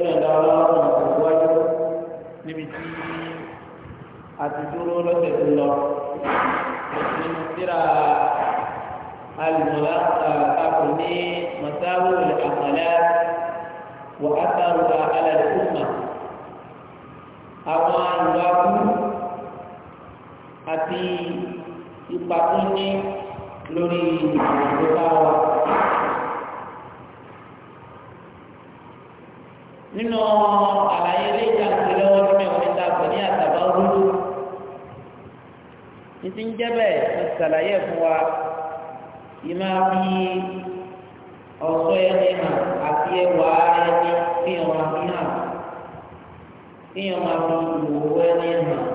kí ẹ̀dá ọlọ́run àtẹ̀síwájú níbi tí a ti dúró lọ́sẹ̀ tó lọ nínú síra alùmọ̀lá àkàkù ní mọ̀sáwó àmọ̀lá wà á sáré àwọn àlùwàkú àti ipa lórí ìgbà nínú àlàyé ilé ìjàǹkì lọ́wọ́ nínú ìwọ̀n níta pè ní àtàbà rúdú ní ti ń jẹ́ bẹ́ẹ̀ mo ṣàlàyé fún wa yìí máa fi ọ̀ṣọ́ ẹni hàn àti ẹwà ẹni fi hàn fi hàn fi hàn máa fi ìwòwò ẹni hàn.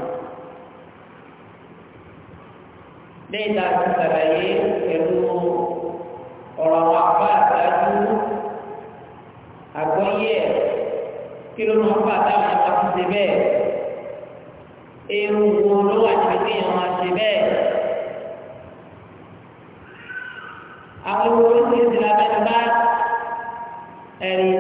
lẹ́yìn tá a ti ṣàlàyé pẹ̀lú ọ̀rọ̀ àwọn àbá àtàjú àgbọ́yé ẹ̀ kí ló máa fà táwọn ẹ̀ka ti ṣe bẹ́ẹ̀ irun wo ló wà níbi tí èèyàn bẹ́ẹ̀ àwọn ìwé oríṣiríṣi la bá ẹ̀rí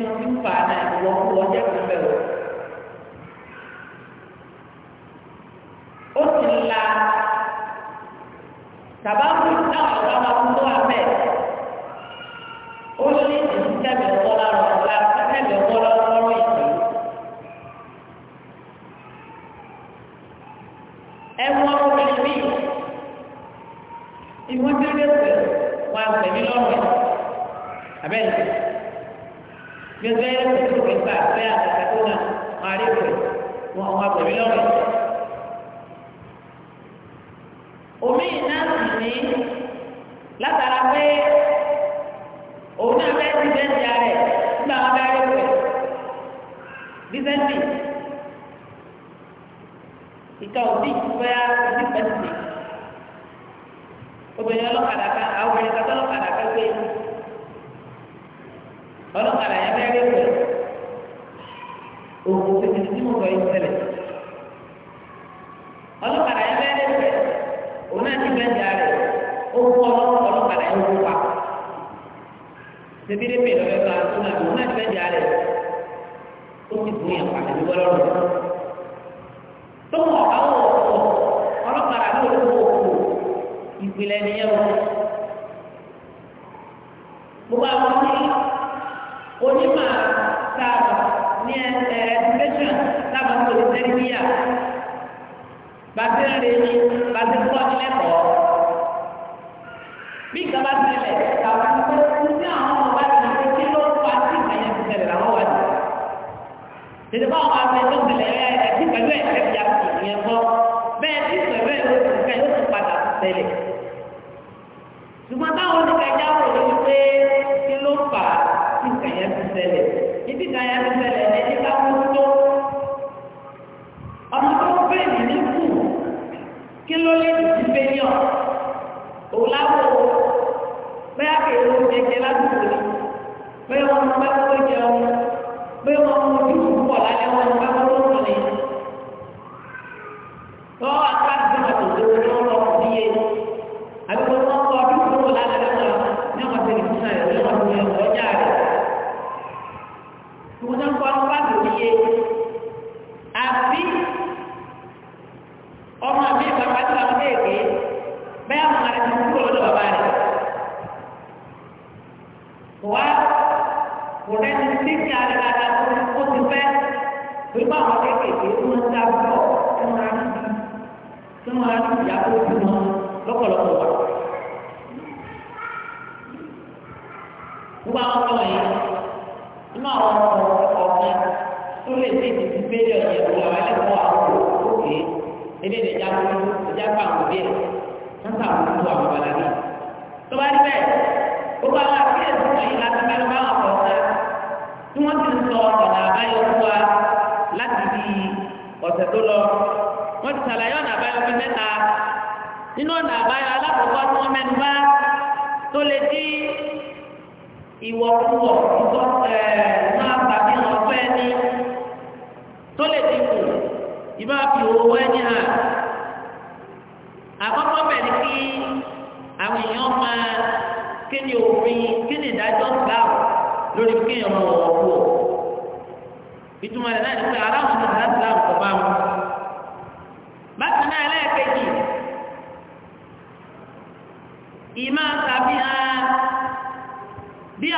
nínú fífa náà ìwọ́n wọ́n jẹ́ kó bẹ̀rù. ó ti la tàbá fún àwọn ọ̀gá máa fún tó wà bẹ́ẹ̀ ó lé ìdíjáde ọ̀gá lọ́rọ̀ ọ̀gá sẹ́kẹ̀dì ọ̀gá lọ́rọ̀ lọ́rọ̀ ìgbà. ẹ wọ́n obìnrin mi ìwọ́n tí ó lè pè wọ́n àgbẹ̀mí lọ́rùn ẹ̀ gẹ́gẹ́ tó kẹ fà fẹ àtàkà tó nà máa rí pẹ wọn àwọn àgbẹ̀mí lọ́rọ̀. omi náà sì ní látara pé òun náà fẹ́ ti bẹ́ẹ̀ di ààrẹ nígbà wọn bá rí pẹ dísẹ́ńtì ìka òbí fẹ́ òbí pẹ́sìtì obìnrin ọlọ́kadà kan àwọn obìnrin kan tọ́lọ́kadà kan gbé ọlọ́kadà yẹn bẹ́ẹ̀ rí pẹ̀ òkú tètè tí mo sọ yìí tẹ̀lẹ̀ ọlọ́kadà yẹn bẹ́ẹ̀ rí pẹ̀ òun náà ti bẹ́ẹ̀ jà rẹ̀ ó kú ọlọ́kadà yẹn kú pa tẹ̀bí rí pẹ̀ lọ́wọ́ ẹ̀ka tó náà òun náà ti bẹ́ẹ̀ jà rẹ̀ ó ti bù yàn pàtẹ́ bí wọ́n lọ́rùn tó mọ̀ ọ́ òkú ìpìlẹ̀ ni onímọ̀ sábà ní ẹ̀ẹ́dẹ́gbẹ́sọ̀n sábà kò ní sẹ́ríbíyà bàtí ń re ni bàtí ń kọ́ ní lẹ́kọ̀ọ́ bí nǹkan bá tẹ̀lẹ̀ tàbí kó ní àwọn ọmọ bá tẹ̀lé pé kí ló fa sí ìgbàyà ti tẹ̀lẹ̀ làwọn wà ní. tètè bá wọn afẹ tó tẹ̀lẹ̀ ẹ ẹtí pẹ̀lú ẹ̀kẹ́ bí a ti ìyẹn kọ́ bẹ́ẹ̀ ṣùgbọ́n táwọn oníkẹ́jà wò wípé yẹn ti ṣẹlẹ̀ ibi kan yẹn ti ṣẹlẹ̀.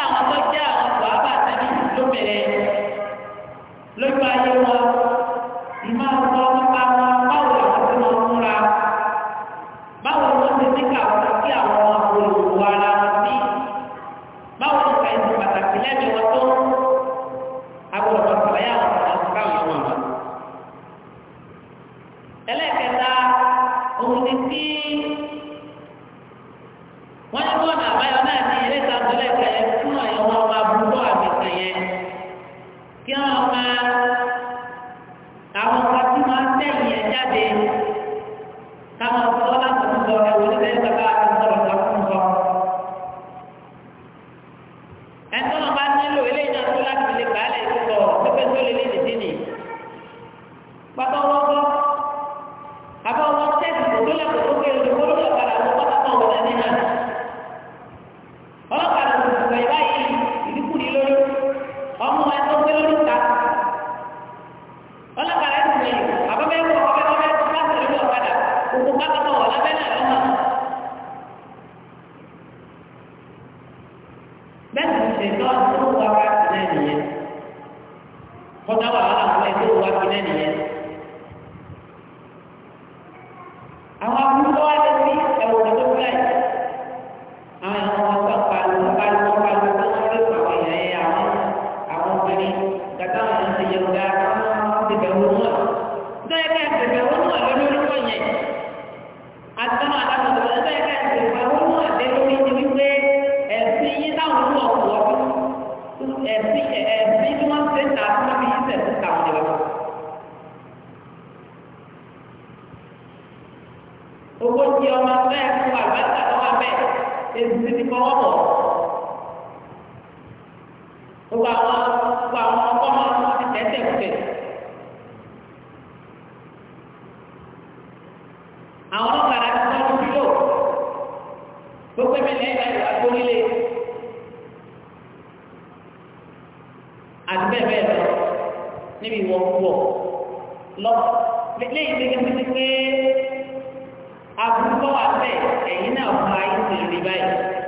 àwọn tó jẹ́ àwọn sọ̀hábà àtẹ́bí ló bẹ̀rẹ̀ lójú ayé wọn ìmọ̀ ọ̀pọ̀ nípa wọn báwo làwọn tí wọ́n múra báwo ni wọ́n ti ní káwọn sí àwọn olùwọ́ ara wọn sí báwo ni ìfẹ̀yìntì pàtàkì lẹ́nu wọn. gbogbo àwọn gbogbo àwọn ọkọ máa ti tẹ́tẹ̀ kútẹ̀. àwọn ọ̀kadà ti tọ́jú bílò gbogbo ẹ̀mí lẹ́yìn àti àgbónílé àti bẹ́ẹ̀ bẹ́ẹ̀ lọ níbi ìwọ púpọ̀ lọ lẹ́yìn tó kẹ́kẹ́ ti pé àbúkọ́ wà bẹ́ẹ̀ ẹ̀yìn náà fún ayé ti rí báyìí.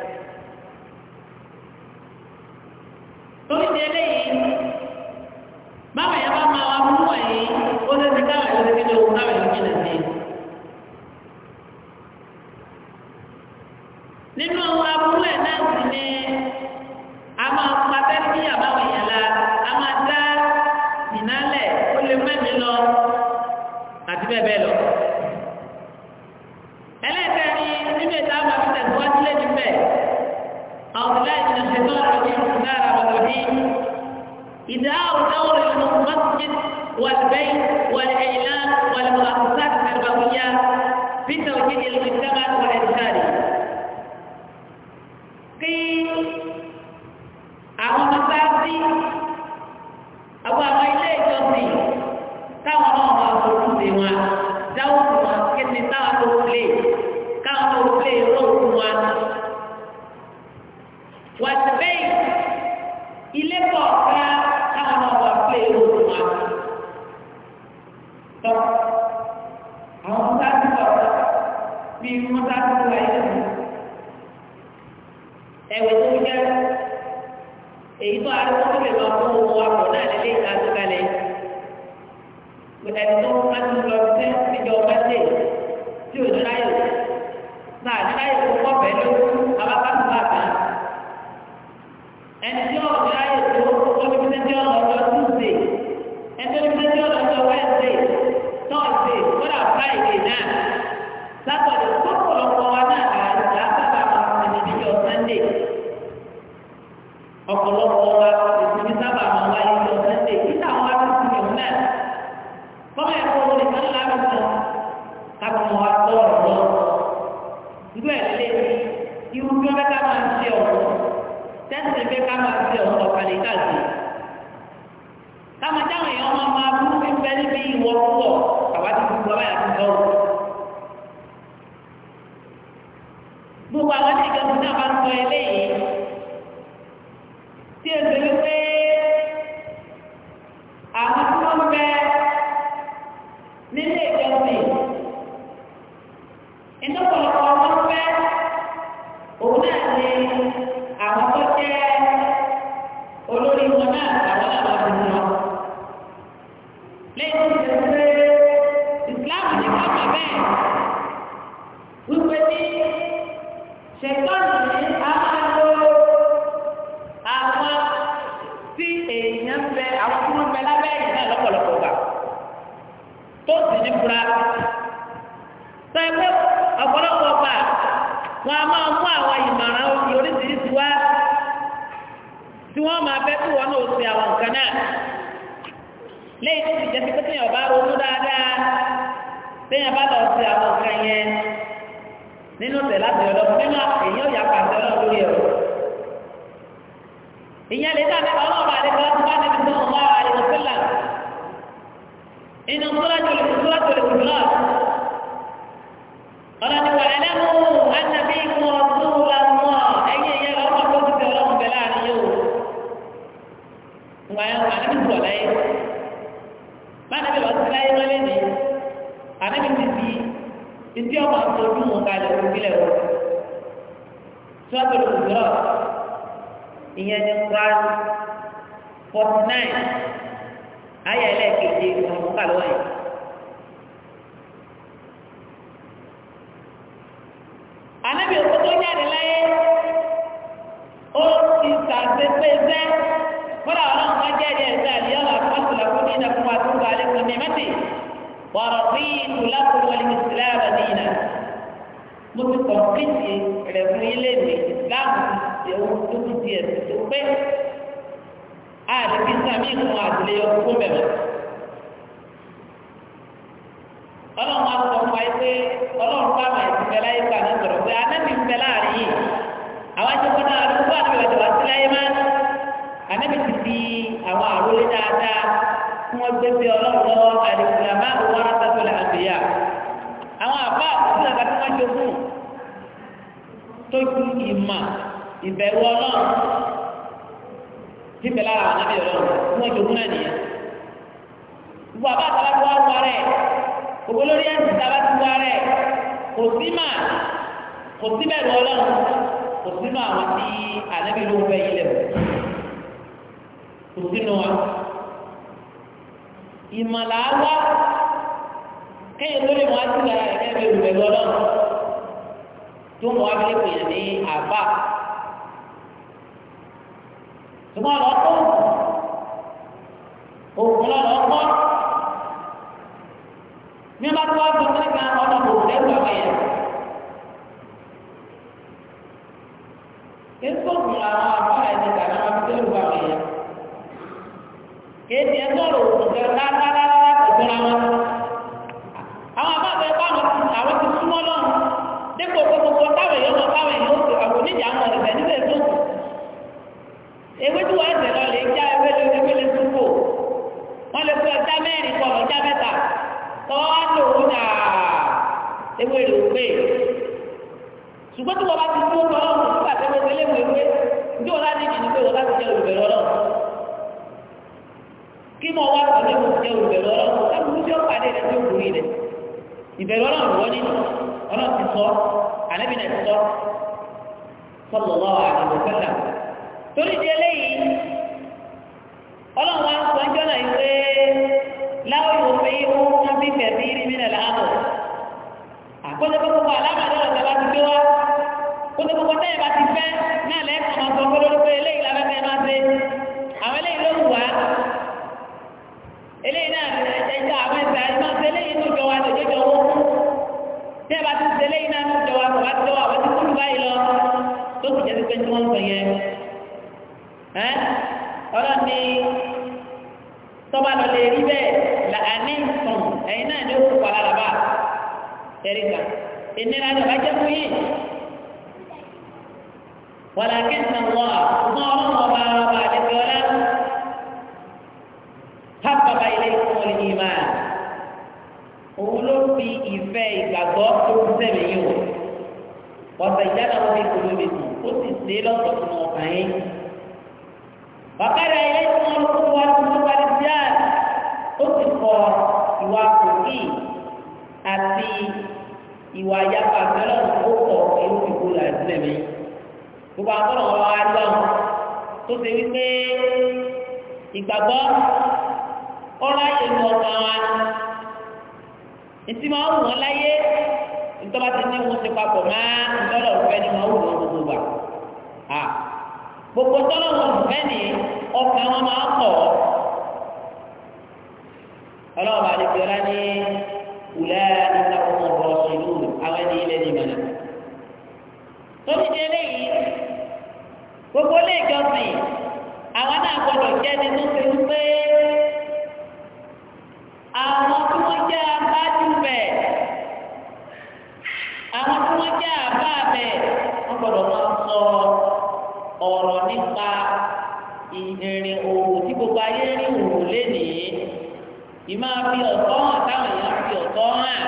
nítorí àwọn àbá ẹni kàná máa fi tẹ́lú àwọn èèyàn kéde ẹ sọ̀rọ̀ òṣìṣẹ́ rárá ìfúnra wọn àwọn àbá àbẹ bá wọn àwọn ti súnmọ́ lọ́rùn dépò gbogbo táwọn èèyàn náà táwọn èèyàn ó ti àwọn oníjà ń wọlé bẹ́ẹ̀ níbẹ̀ tó kù ewé tí wọ́n ẹsẹ̀ lọ lè já ewé lé ewé lé túbò wọ́n lè fún ẹja mẹ́rin kọ̀ọ̀lọ́ já mẹ́ta tọ́wọ́ wá lò ó nà ewé lò pé ṣùgbọ́n tí wọ́n bá ti tó lọ́wọ́ nígbà tó wọ́n tẹ́lẹ̀ wọ́n ewé ní ọ̀la ní ìdí pé wọ́n láti jẹ́ olùbẹ̀rẹ̀ ọlọ́run kí mo wá sọ pé mo ti jẹ́ olùbẹ̀rẹ̀ ọlọ́run láti mú sí ọ̀pàdé rẹ̀ tó kù rí rẹ̀ ìbẹ̀rẹ̀ ọlọ́run wọ́n ní ọlọ́run ti sọ àlẹ́bí ti sọ sọ́lọ́lọ́ àdìgbò sẹ́lá ẹ̀ríkà ìnira rẹ̀ bá jẹ́ fún yìí wàlàkì ń sàn wọ́n mọ́ ọlọ́run ọba ọba àdébí ọlá hábàbà ilé ìfún ọ̀lẹ́ yìí máa òun ló fi ìfẹ́ ìgbàgbọ́ tó ń sẹ̀mí yìí wọ̀ ọ̀sẹ̀ ìjánu ọmọ ìkòló mi kù ó sì dé lọ́sọ̀ fún ọkàn yín bàbára ilé ìfún ọlọ́run wa tó ń parí sí àná ó sì kọ ìwà kòkì àti ìwà yàtọ̀ àtẹlẹ ó pọ̀ èyí ti kú láì sílẹ̀ mi gbogbo àtọ́nà wọn wá dáhùn tó ṣe wípé ìgbàgbọ́ ọ̀rọ̀ ayé ní ọ̀sán wa ìtì máa ń wù wọ́n láyé ìtọ́ba ti ní wọ́n ti papọ̀ máa ń tọ́lọ̀ fẹ́ ni máa ń wù wọ́n gbogbo gbà á gbogbo tọ́lọ̀ wọn fẹ́ ni ọkàn wọn máa ń pọ̀ ọlọ́ọ̀bà àdìgbẹ́ra ní wùlẹ́ ìtàkùn ọ̀rọ̀ àwọn ẹni ilẹ̀ ní ìmọ̀nà. tóbi di eléyìí gbogbo ilé ìjọsìn àwọn náà gbọdọ̀ jẹ́ ẹni tó ti ń pé àwọn tí wọ́n jẹ́ abájú bẹ̀ àwọn tí wọ́n jẹ́ àbá bẹ̀ wọ́n gbọdọ̀ máa sọ ọ̀rọ̀ nípa ìrìn òwò tí gbogbo ayé rí òwò lénìí ìmáa fi ọ̀tọ̀ hàn èèyàn fi ọ̀tọ̀ hàn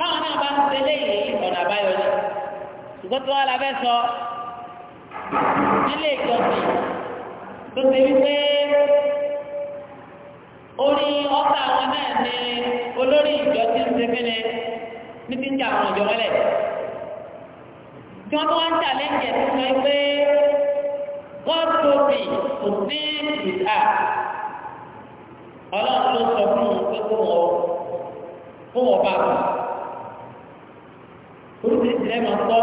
báwọn náà bá ń ṣe léyìí ọ̀nà àbáyọ ni ṣùgbọ́n tí wọ́n la fẹ́ sọ nílé ìjọsìn tó ṣe wípé orí ọ̀gá àwọn náà ni olórí ìjọsìn ṣe fi ni níbi ń jà àwọn ìjọ mọ́lẹ̀ tí wọ́n tó wá ń jà lẹ́yìn ẹ̀ tó sọ wípé God told me to sing with her ọlọ́run ló sọ fún un pé kó wọ́n bá wọ́n oríṣiríṣi lẹ́mọ̀ tọ́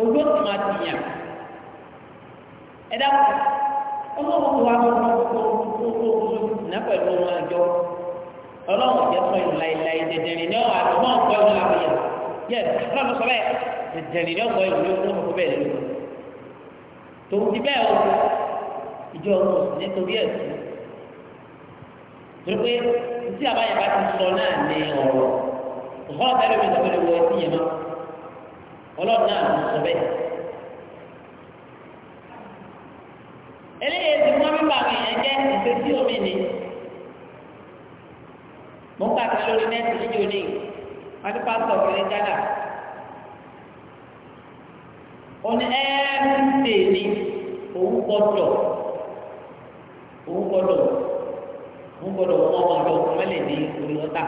ojú òsì máa ti yàn ẹ dákun ọlọ́run tó wá lọ́wọ́ gbogbo ná pẹ̀lú ọmọ àjọ ọlọ́run jẹ́ sọ ìlú láìláì dẹ̀dẹ̀rìn ní ọ̀hún àti ọmọ ọ̀pọ̀ ìlú àwọn èèyàn yẹ ọlọ́run sọ bẹ́ẹ̀ dẹ̀dẹ̀rìn ní ọ̀pọ̀ ìlú ní ọ̀pọ̀ ìlú bẹ́ẹ̀ lẹ́nu tòun ti bẹ́ẹ̀ o ìjọ ọmọ òsì nítorí ẹ̀sìn torí pé tí àbáyọ̀ bá ti sọ náà ní ọ̀rọ̀ kọ́lá bẹ́ẹ̀ lómi ìdàgbẹ́lẹ̀ wọ ẹtí yẹn mọ́ ọlọ́run náà ló sọ bẹ́ẹ̀. eléyìí ti wọ́n mímọ́ àwọn èèyàn jẹ́ ìgbésí omi ni mo ń kàkiri lórí nẹ́ẹ̀tì níjó ní wọ́n ti pásítọ̀ kiri Ghana oní ẹ́ẹ́dì ní òun gbọ́dọ̀ òun gbọ́dọ̀ òun gbọ́dọ̀ wọ́n wọ́n lọ mọ́lẹ̀ ní orí ọ̀tá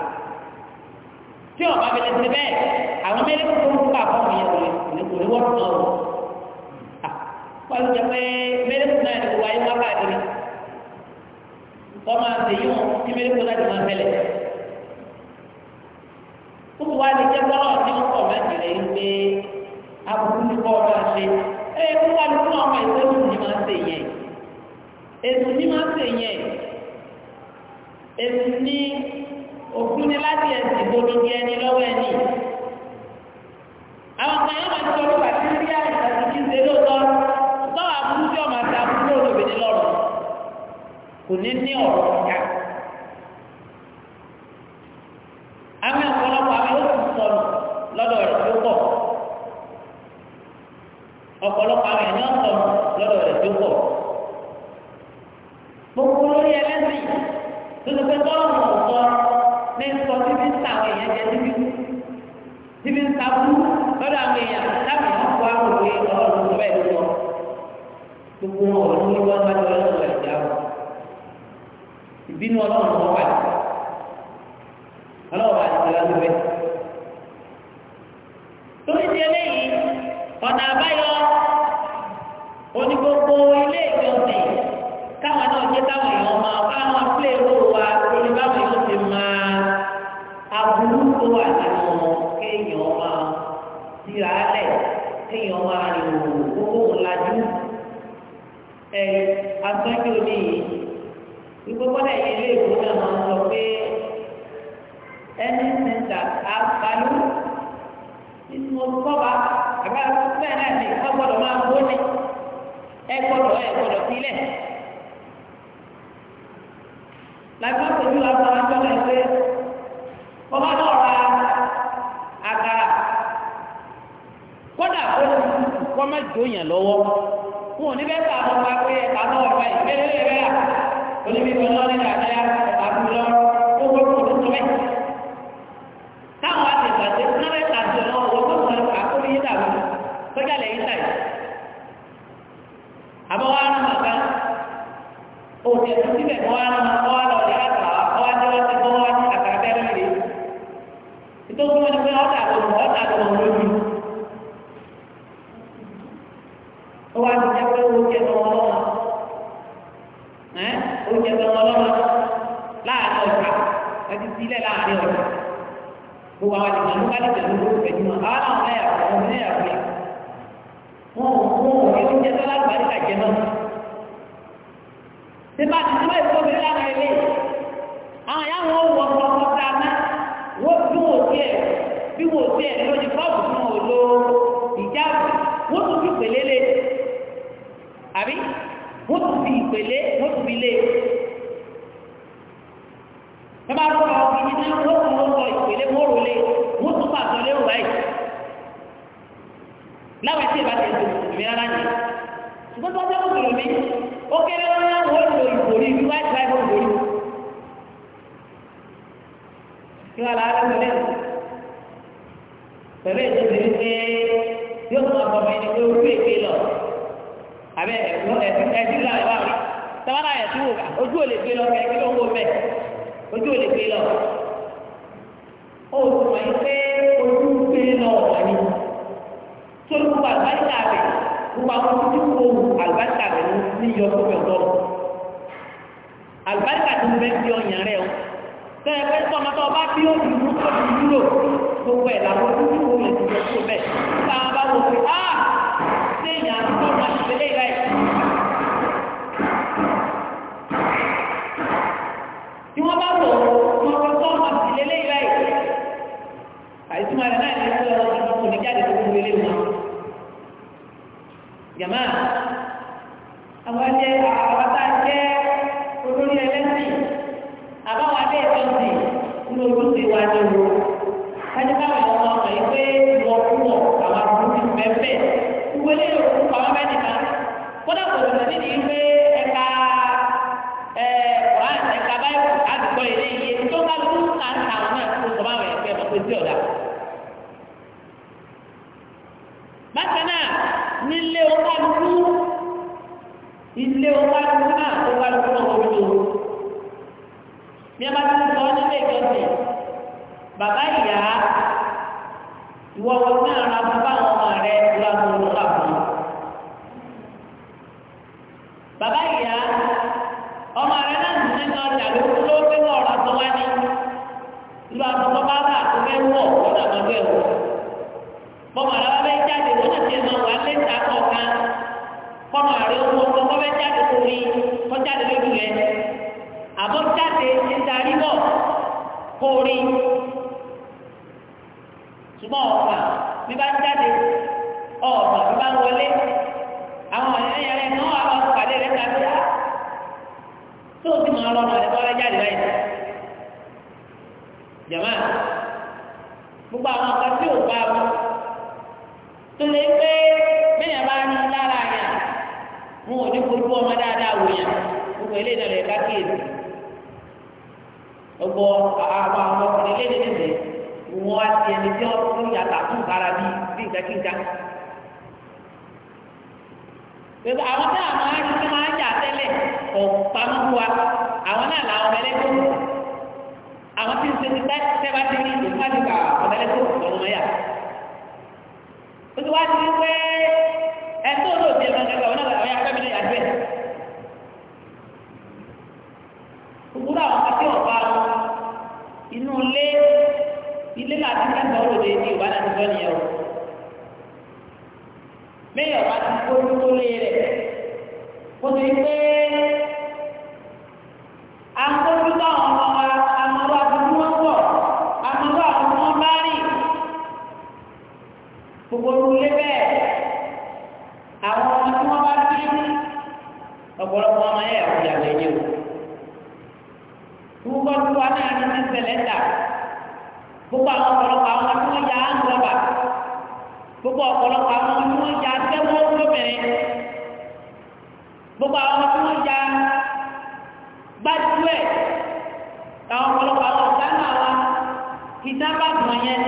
tí ọba fi lè ṣe bẹ́ẹ̀ àwọn mẹ́rin tó ń kó àbọ̀mù yẹn wọlé kò ní wọ́n tán o wọ́n jẹ pé mẹ́rin tó náà ní wáyé wá káàkiri wọ́n máa ṣe yíwọ̀n tí mẹ́rin tó láti máa fẹ́lẹ̀ ó ti wá lè jẹ́ bọ́lá tí wọ́n kọ̀ láti rẹ̀ yín pé àbùkù ní kọ́ ọba ṣe ẹ kó wá lè fún ọmọ ìṣẹ́ ètò ní máa ṣe yẹn ètò ní máa ṣe yẹn ètò ní òfin ni láti ẹsẹ̀ ìgboro di ẹni lọ́wọ́ ẹni. àwọn kan yóò máa sọ nípa tí rí àìsàn ti kí ń ṣe lóòótọ́ sọ́wọ́ àbúrú tí ọmọ àti àbúrú olóbìnrin lọ́rùn kò ní ní ọ̀rọ̀ ọ̀gá. àwọn ọ̀pọ̀lọpọ̀ àwọn yóò tún sọnù lọ́dọ̀ rẹ̀ tó pọ̀ ọ̀pọ̀lọpọ̀ àwọn ènìyàn sọnù lọ́dọ̀ rẹ̀ tó pọ̀ gbogbo lórí ẹlẹ́sìn tó ti pẹ́ tọ́lọ́mù ọ̀sán ní sọ níbi ń ta èèyàn jẹ níbi níbi ń ta lọ́dọ̀ àwọn èèyàn láti kó àwọn òwe ọlọ́run tó bẹ́ẹ̀ lọ gbogbo wọn ò ní wọn bá lọ́wọ́ ìbínú ọlọ́run wà ọlọ́run ìlànà ti eléyìí ọ̀nà àbáyọ onígbogbo ilé ìjọsìn. káwọn náà jẹ́ káwọn èèyàn máa káwọn pílé owó wa lórí báwọn èèyàn ti máa aburú tó wà nínú kéèyàn máa síra lẹ̀ kéèyàn máa rìn òwò owó ńlájú. ẹ agbẹ́jọ́ ni ìgbókọ́lẹ̀ ilé ìwé náà máa ń sọ pé anything that has value is most cover àbá bẹ́ẹ̀ náà ni wọ́n gbọ́dọ̀ máa gbóni ẹ gbọ́dọ̀ ẹ gbọ́dọ̀ sílẹ̀ làbí wọn tẹ̀lé wọn fún ọjọ́ náà pé ọba náà ra àkàrà kódà ó ti kọ́ má jóyàn lọ́wọ́ fún òní bẹ́ẹ̀ sá àwọn ọba pé ẹ̀ka náà ọba ìgbélé rẹ̀ rẹ̀ oníbi tó lọ́ọ́ nínú àdáyà ẹ̀ka fún lọ ó wọ́n kò tó tó bẹ́ẹ̀. táwọn àtẹ̀gbàtẹ̀ náà ẹ̀ka tó lọ́wọ́ wọ́n tó sọ àkóbí yín dàbí sọ́jà lẹ́yìn tàyè. àbọ̀wá náà òfin ẹ̀sùn síbẹ̀ mọ́ wá lọ mọ́ wá lọ ọ̀dẹ̀ àgbà ọwọ́ ajé wá ti bọ́ wá ní àgbà bẹ́ẹ̀ lórí ìtòkùn wọn ni pé ọ̀dà àtọ̀nù ọ̀dà àtọ̀nù lójú ó wá ti jẹ́ pé oúnjẹ tó wọn lọ́wọ́ oúnjẹ tó wọn lọ́wọ́ láàárín ọ̀dà ẹtì sílẹ̀ láàárín ọ̀dà gbogbo àwọn àdìgbà ló bá lè tẹ̀lé owó ìfẹ̀jú mọ́ àwọn náà lẹ́yà fún ọ̀hún lẹ́yà fún Tẹ́bá ti tọ́ ìtọ́bi lára ilé. Àwọn ìyá wọn wọ ọkọ̀ sáná. Wọ́n bí wò sí ẹ̀ bí wò sí ẹ̀ lójú bọ́ọ̀bù fún òlo ìjáàbù. Wọ́n tún fi pèlé lé. Àbí wọ́n tún fi ìpèlé wọ́n tún fi lé. Tẹ́bá tó lọ sí iná wọ́n tún lọ sọ ìpèlé wọ́n rò lé. Wọ́n tún pàtó lérò báyìí. Láwọn ẹ̀sìn ìbátan ìdòwò ìmíràn náà ṣùgbọ́n tó bá wùdò mí ó kéré wọn náà wọ́n lo ìbòrí bí wáyé tí wáyé ìbòrí o. ìwà làárẹ̀ wọlé pẹ̀lú ètò ìdílé pé yóò fún ọkọ mi ní pé ojú èké lọ àbẹ ẹ̀fọ́ ẹ̀dí là wà rí sábàlá ẹ̀tí wò ká ojú ò lè gbé lọ kẹ́kẹ́ ló ń wò ojú ò lè gbé lọ. ó sọ yìí pé ojú gbé lọ wà tó ló wà gbogbo àwọn tó ti kó àlùbáríkà rẹ̀ ní yíyọ tó fẹ́ tọ́ àlùbáríkà tó fẹ́ fi ọyàn rẹ̀ o tẹ́lẹ̀ pé sọ́mọ tó bá bí o dùn tó ti dúró gbogbo ẹ̀ làwọn tó ti kó lè ti yọ tó bẹ́ẹ̀ nípa àwọn bá wọ pé á séèyàn tó wà nílé rẹ̀. tí wọ́n bá wọ̀ wọ́n kọ́ tó wà nílé rẹ̀ àìsí máa rẹ̀ náà ní ẹgbẹ́ ọ̀rọ̀ jama àwọn jẹ àwọn tá a jẹ olórí ẹlẹ́sìn àbáwọn abẹ ìtọ́sìn ní olóṣèlú wa ní o kájú káwọn ọmọ ọmọ yìí pé wọn kú wọ àwọn àbúrò ti pẹ́ẹ́pẹ́ ìwọlé òkú pàmò bẹ́ẹ̀ nìkan kódà kò lọ sí ní pé ẹ̀ka ẹ̀ wà ẹ̀ka báyìí àdúgbò yìí lè yé tó bá lù kàńtà náà kó sọ báwọn ẹ̀fẹ́ mọ̀ pé sí ọ̀dà. ọ̀kálukú ilé ọ̀kálukú náà ọ̀kálukú náà wọ́n lò ní ẹ̀ma tó ń sọ nílé ìjọsìn bàbá ìyá ìwọ wọn náà ra fún báwọn ọmọ rẹ ìwà wọn ló wà fún bàbá ìyá ọmọ rẹ náà ní nínú ọjà ló kú gbé wọ ọ̀rọ̀ tó ní ìlú àtọkọ bá bá àtọkẹ wọ ọ̀dà máa bẹ wọ bọ́mọ̀ àlọ́ bẹ́ẹ̀ jáde wọ́n náà ti mọ wà lé ta kọ̀ọ̀kan kọ́mọ̀ ah! gbogbo àwọn akásí ò bá wọn. tó lè pé bẹ́ẹ̀ bá ní lára yẹn wọn ò ní gbogbo ọmọ dáadáa wò yẹn gbogbo ilé ìdọ̀lẹ̀ ká gbogbo àwọn ọmọ ọkùnrin ilé ìdílé wọn á ti ẹni tí wọn yàtà fún ìbára bí bí gbogbo àwọn tí àwọn máa ń tí máa ń tẹ́lẹ̀ wa àwọn náà làwọn ọmọ ẹlẹ́gbẹ́ àwọn tí ń ó ti wá sí pé ẹtọ́ ló ti ẹ̀ka kankan wọn náà ọ̀yà fẹ́mi náà yàgbẹ́ òkúrò àwọn kàtí ọ̀pá inú ilé ilé láti kẹta olóde ní ìwà náà ti sọ nìyẹn o mẹ́yìn ọ̀pá ti kó dúró lé rẹ̀ kó ti pé akójú táwọn ọmọ wa amúlò abúlé. gbogbo olùlé bẹ́ẹ̀ àwọn ọmọ tí wọ́n bá bí ọ̀pọ̀lọpọ̀ ọmọ yẹn ẹ̀kọ́ ìyàwó ẹ̀yẹ o gbogbo tí wọn náà ní sísẹlẹ̀ ta gbogbo àwọn ọ̀pọ̀lọpọ̀ àwọn tí wọ́n ya ńlọ́ba gbogbo ọ̀pọ̀lọpọ̀ àwọn tí wọ́n ya sẹ́wọ́ lóbìnrin gbogbo àwọn tí wọ́n ya gbájúẹ̀ àwọn ọ̀pọ̀lọpọ̀ àwọn ọ̀gá náà wa ìdábàbọ̀ yẹn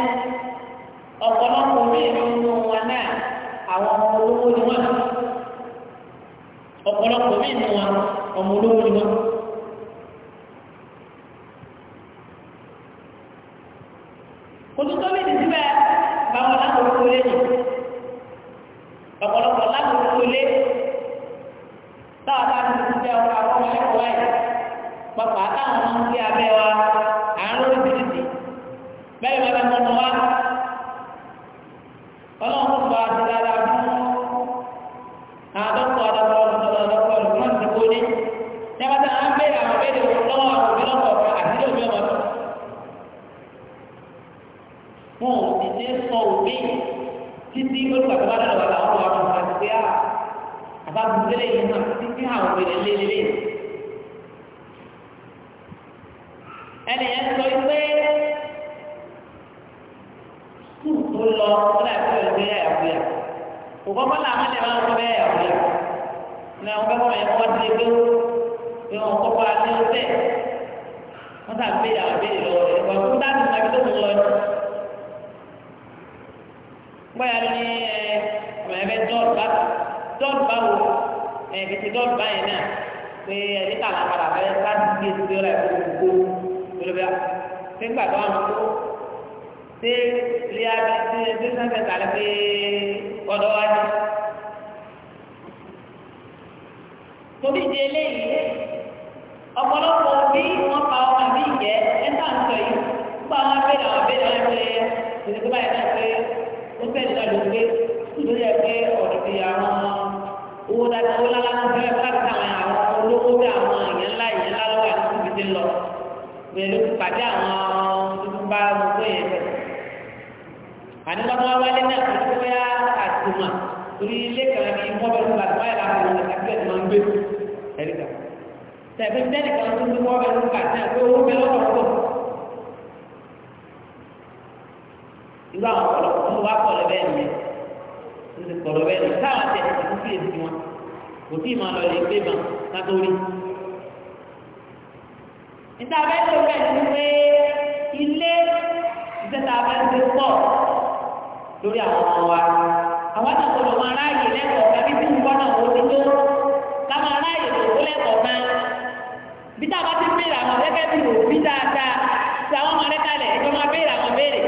ọ̀pọ̀lọpọ̀ mi nínú wọn náà àwọn ọmọ olówó ni wọn ọ̀pọ̀lọpọ̀ mi nínú wọn ọmọ olówó ni wọn. òtútọ́ mi ti síbẹ̀ báwọn lákòókò lé nù ọ̀pọ̀lọpọ̀ lákòókò lé táwọn bá ti ti bẹ́ ọkọ̀ akọ́ṣẹ́kọ̀ọ́ ẹ̀ pàpà táwọn ń gbé abẹ́ wa àárọ̀ òbí ti bẹ́ẹ̀ bá bá mọ́ wa ọlọ́run bá ti dára fún àádọ́kọ̀ ọ̀dọ́. tá a gbé àwọn ìbéèrè lọ́wọ́ rẹ̀ wà fún dáàbò máa tó ń lọ ní. bóyá ní ọmọ ẹgbẹ́ dọ́ọ̀bá dọ́ọ̀bá wo ẹ̀ẹ́dẹ́gbẹ́ dọ́ọ̀bá yẹn náà pé ẹni kà máa padà bẹ́ẹ̀ láti gbé ìdílé rẹ̀ gbogbo olùbẹ́à nígbà tó wọn kó ṣé ilé abẹ́ ṣe ṣe sáfẹ́ tàbí pé ọ̀dọ́ wa ni. torí di eléyìí nìkan tó ti wọ́n bẹ̀rù kà sí àti owó bẹ̀rù ọ̀pọ̀. irú àwọn ọ̀pọ̀lọpọ̀ ń wá pọ̀lọ̀ bẹ́ẹ̀ ni ń ti pọ̀lọ̀ bẹ́ẹ̀ ni táwọn tẹ̀ ti fi èsì wọn kò tí ì máa lọ lè gbé bàn sátórí. níta bẹ́ẹ̀ tó bẹ́ẹ̀ ti pé ilé ìṣẹ́ta bá ti pọ̀ lórí àwọn ọmọ wa àwọn àtàkùn ọmọ aráàlú lẹ́kọ̀ọ́ peter bá ti béèrè àwọn gẹ́gẹ́ bí òbí dáadáa ti àwọn ọmọ rẹ kalẹ̀ ẹjọ́ máa béèrè àwọn béèrè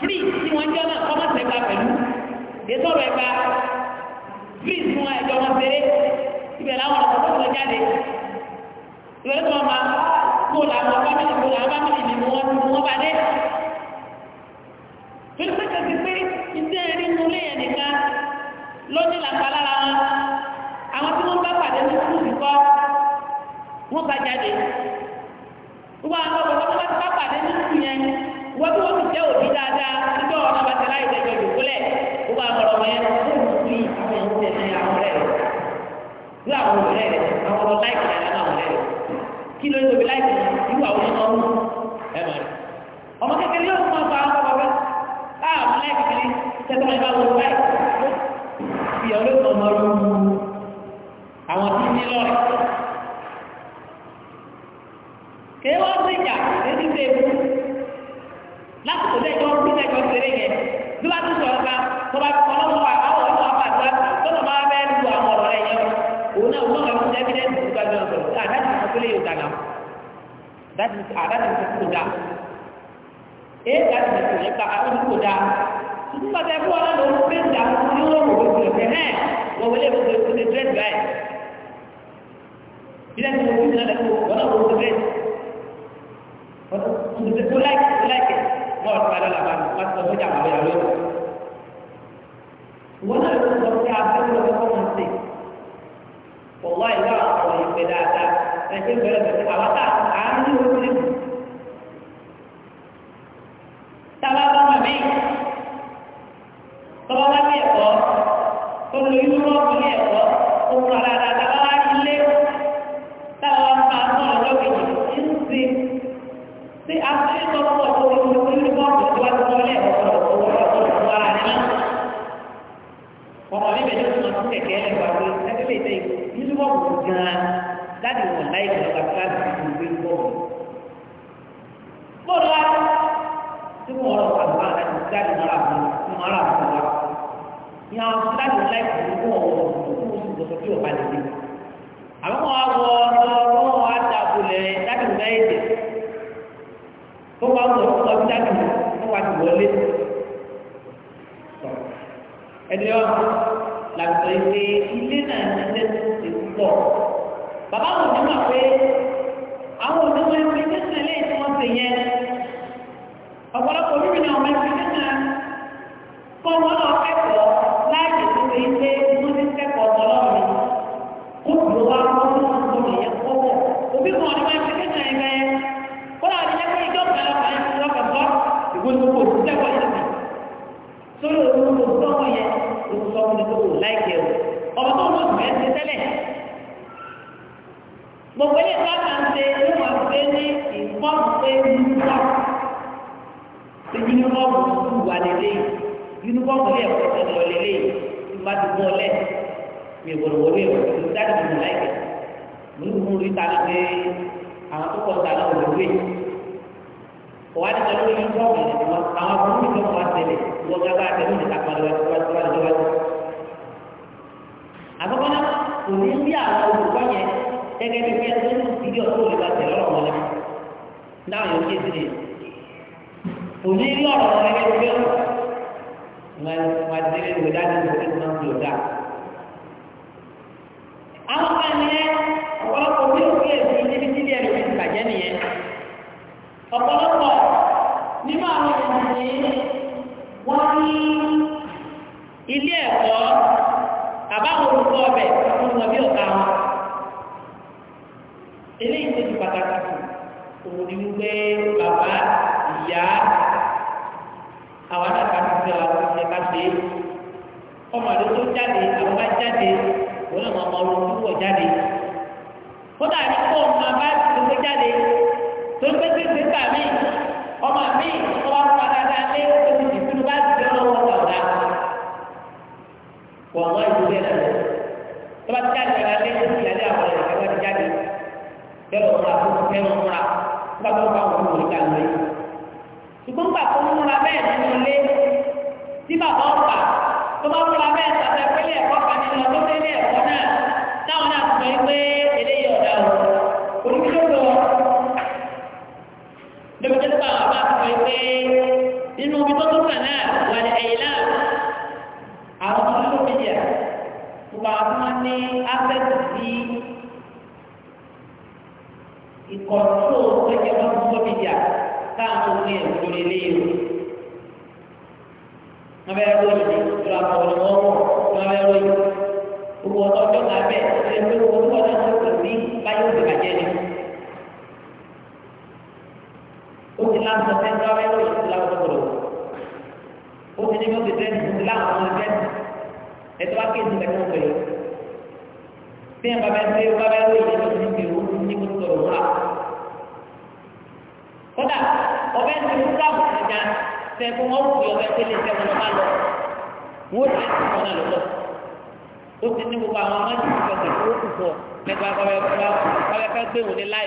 free tí wọ́n jọ náà kọ́mọ̀ sẹ́gbà pẹ̀lú ètò ọ̀rọ̀ ẹ̀gbà free fún ẹjọ́ wọn ṣeré ibẹ̀ làwọn ọ̀rọ̀ tó tó jáde ìwé tó máa kó làwọn fámìlì kó làwọn fámìlì ni wọ́n ti wọ́n bá dé pẹ̀lú pẹ̀lú ti pé iṣẹ́ rí inú ilé yẹn nìkan lónìí làpá lára wọn àwọn tí wọ́n bá pàdé ní sùkúù wọ́n bá jáde wọ́n bá wọ́n bá wọ́n bá pàdé nínú yẹn wọ́n bí wọ́n ti jẹ́ òbí dáadáa nígbà wọn náà bá tẹ láì tẹ̀jọ́ ìdókòlẹ̀ wọ́n bá wọ́n lọ́wọ́ yẹn wọ́n fi àwọn ẹ̀yìn tẹ̀lé àwọn rẹ̀ ní àwọn òbí rẹ̀ àwọn ọ̀rọ̀ láì tẹ̀lé àwọn rẹ̀ kí ló ń tóbi láì tẹ̀lé irú àwọn ọmọ ọmọ ẹ̀ mọ̀ ọmọ kékeré yóò fún ọgbà àwọn ọmọ rẹ̀ káàmù láì kékeré tẹ̀sán ìbá wọn láì ìyàwó ló sọ ọmọ ọlọ́run àwọn tí ń ní lọ́rẹ̀ kéé wá sí ìjà létí tó ewu lásìkò tẹ́jọ́ bí tẹ́jọ́ ṣeré yẹn bí wàá tún sọ̀rọ̀ ká tó bá kọ́ lọ́wọ́ wa àwọn ọ̀rọ̀ wa bàtà tó lọ́ máa bẹ́ẹ̀ lu àwọn ọ̀rọ̀ rẹ̀ yẹn òun náà wọ́n kà fún ẹ́fídẹ́ǹsì tó gbàgbé ọ̀sọ̀ àdájú ìfọ̀kúlẹ̀ yóò dàgbà àdájú ìfọ̀kúlẹ̀ dà èyí láti ìfọ̀kúlẹ̀ yẹn ká àwọn ìfọ̀kúlẹ̀ dà tuntun bàtà ẹ̀fọ́ wọn lọ sí pé ìjà fún ní wọ́n rò ó ti rẹ̀ wọ́n wọlé ìfọ̀kúlẹ̀ tó ti dírẹ́sì báyìí kò láìpẹ́ kò láìpẹ́ wọ́n ọ̀rọ̀ padà làbá mi wọ́n sọ wọ́n jà wọ́n yà lóyún. wọ́n náà ló sọ pé abẹ́rẹ́ lọ́wọ́ kọ́ wọn sè ọ̀wá ìlú àwọn ọ̀rọ̀ ìpè dáadáa ẹ̀ṣẹ̀ bẹ̀rẹ̀ bẹ̀rẹ̀ àwọn tá à ń ní orí rẹ̀. táwa bá wọn mí tọ́wọ́ wá sí ẹ̀kọ́ tó lo inú rọ́ọ̀kì ní ẹ̀kọ́ tó ń sọ pé ọba lè dé àwọn ọmọ awọ ọmọ ọmọ àtàkùlẹ̀ láti ìgbà èdè tó wà ń sọ̀rọ̀ fún ọdún láti wọ́n wá ti wọlé ẹni ọ̀hún làbùtọ̀ ìpè ilé náà ní ilé tó ti pọ̀ bàbá wọn ní wà pé ta ni pé àwọn tó kọ̀ ta náà wò lóye wọ́n á ní sọ́dún yìí tó ọ̀gbìn ẹ̀dùn wọn àwọn ọkùnrin mi tó kọ́ àtẹlẹ̀ wọ́n gbá àtẹlẹ̀ ní ìtàkùn àdúrà àkọ́kọ́ náà kò ní bí àwọn olùkọ́ yẹn gẹ́gẹ́ bí fẹ́ẹ́ tó ní ìdí ọ̀tún olùkọ́ àtẹlẹ̀ ọ̀rọ̀ wọn lẹ́nu láwọn yóò kéde ní kò ní rí ọ̀rọ̀ wọn gẹ́gẹ́ bí ọ̀rọ̀ wọn adé ti nìyẹn ọ̀pọ̀lọpọ̀ nínú àwọn ènìyàn yìí wọ́n ní ilé ẹ̀kọ́ àbáwọn olùkọ́ ọbẹ̀ fún wọn bí ọ̀gá wọn eléyìí tó ti pàtàkì jù òun ni wípé bàbá ìyá àwọn àtàkà ti sọ àwọn ìṣe ká ṣe ọmọdé tó jáde àwọn bá jáde wọn náà máa ma ọrùn tó wọ jáde kódà ní kó máa bá gbogbo jáde tó ń pèsè sígbà mí ọmọ mi ọmọ mi padà dá lé oṣù ìfúnnu bá ti dé lọ́wọ́ ọ̀dà wọ̀n wọ́n ìlú bẹ́ẹ̀ náà tó bá ti jáde padà lé oṣù ìyálé àwọn ẹ̀rọ ẹ̀rọ ti jáde bẹ́ẹ̀ lọ́wọ́ àbúrò bẹ́ẹ̀ lọ́wọ́ múra tó bá tó bá wọn kúrò níta lóye ṣùgbọ́n gbà tó ń múra bẹ́ẹ̀ nínú ilé tí bàbá ọ̀pá tó bá múra bẹ́ẹ̀ sàtẹ́ pẹ́lẹ́ ẹ̀kọ́ kan nínú ọdún táwọn náà sọ pé eléyìí ọ̀dà o oníkílódò lókè tó bá wà bá sọ pé nínú omi tó tó kà náà wà ní ẹ̀yìn náà àwọn ọmọ tó fi yà gbogbo àwọn tó ní áfẹ́tì sí ìkọ̀tò tó jẹ́ wọ́n tó fi yà táwọn tó ní ẹ̀kọ́ eléyìí o wọ́n bẹ̀rẹ̀ lóyún ìtura kọ̀ọ̀lọ́wọ́ wọ́n bẹ̀rẹ̀ lóyún gbogbo ọ̀tọ̀ ọjọ́ náà rẹ̀ pé owó tó ọ̀dà tó kò ní báyìí ó ti bàjẹ́ ni. ó ti láǹtọ̀ sẹ́ńtọ́ rẹ̀ lóye ti láwọn ọ̀dọ̀ ó ti ní bí ó ti tẹ́lẹ̀ ó ti láwọn ọmọ tẹ́lẹ̀ ẹ̀tọ́ wá kéde lẹ́kọ̀ọ́ pẹ̀lú. bí ẹ̀ bàbá ẹ̀ bàbá ẹ̀ lóye ló ti ní kò ní kó tó ọ̀rọ̀ wá. kódà ọbẹ̀ ti kú káàbù ẹ̀já sẹ́kù wọn kú ọbẹ̀ tẹ́lẹ̀ sẹ́kù lọ́ ó ti ní gbogbo àwọn ọmọdé ti fẹsẹ̀ tó kù fọ nípa kọ́lẹ́kọ́ gbé wò ní láì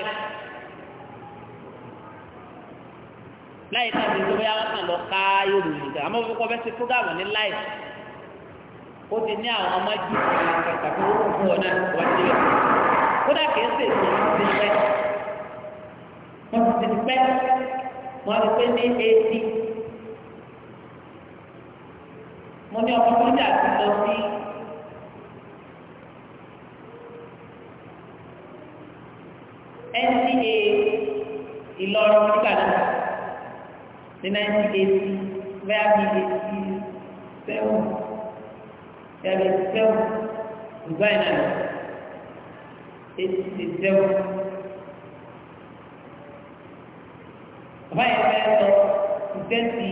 láì náà ti sọ bóyá wọn lọ ká ìròyìn ìgbà àmọ́ fún kọ́fẹ́sì fúgàmù ní láì ó ti ní àwọn ọmọdé ti fẹsẹ̀ tó kù fọ náà wọ́n ti rẹ̀ kódà kìí ṣe èso ti pẹ́ wọ́n ti ti pẹ́ wọ́n ti pẹ́ ní eighty mo ní ọkọ̀ NCA Ìlọrin nígbà náà ní 1980 bẹ́ẹ̀ bí eighty seven bẹ́ẹ̀ bí eighty seven Dubai náà eighty seven. Bàbá yẹn fẹ́ sọ ìtẹ́sí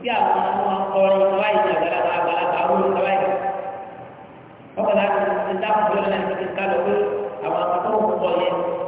tí àwọn ọmọ akọrin wáyé ní àgbàlagbà àgbàlagbà àwọn olùkọ́ yìí. Wọ́n kọ́ láti ṣe dáàbò lọ́nà ìgbésí ká lọ pé àwọn akọ́kọ́ òkú yẹn.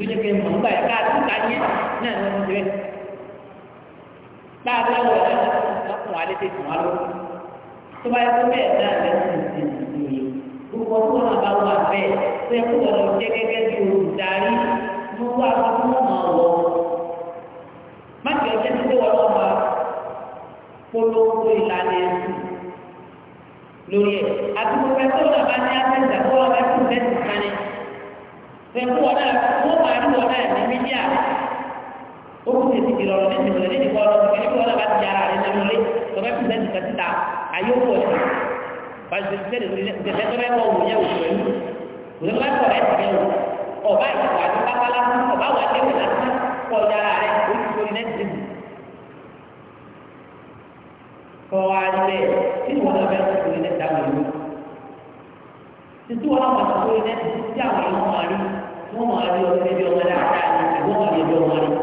ló jẹ́ pé mọ̀ nígbà tá a tún ta yẹn náà ni wọ́n ti rẹ̀ tá a bá wọ̀ ẹ̀ náà wọ́n fún wa létí fún wa lọ tó bá yẹ kó bẹ́ẹ̀ náà lẹ́sìn sí ìdílé gbogbo tó náà bá wà bẹ́ẹ̀ tó yẹ kó wọ́n lọ jẹ́ gẹ́gẹ́ bí olùdarí mú wá wá fún wọn wọ má jẹ́ ọjọ́ tí wọ́n lọ́ máa polówó ìlànà ẹ̀sìn lórí ẹ̀ àti gbogbo ẹ̀ tó náà bá ní abẹ́jà tó wà bá tún bẹ́ẹ̀ pẹ̀lú wọn náà wọ́n máa rí wọn náà ní mídíà ó kú tètè kìlọ̀ ọ̀rọ̀ ní ìṣẹ̀lẹ̀ ní ìwọ ọ̀rọ̀ kìlọ̀ wọn náà bá ti ara rẹ̀ nínú ilé tọ́gbẹ́ ti sẹ́ni kan síta ayé owó ẹ̀ bàtí sẹ́ni tẹ̀lẹ́ tọ́gbẹ́ kọ́ wò yẹ òkú rẹ̀ ló bá kọ̀ ẹ̀ tẹ̀lẹ́ wò ọba ìwà ní pápálá ọba wà léwu láti kọ́ yàrá rẹ̀ olùkọ́ ní nẹ́ẹ̀tì kọ́ wa lẹ̀ tí wọ́n lọ bẹ́ẹ̀ ní nẹ́ẹ̀tì àwọn ìlú títí wọ́n mọ̀ àbí ọdún ẹbí ọmọ dáadáa ní àbọ̀ ọmọ ẹbí ọmọ rẹ̀.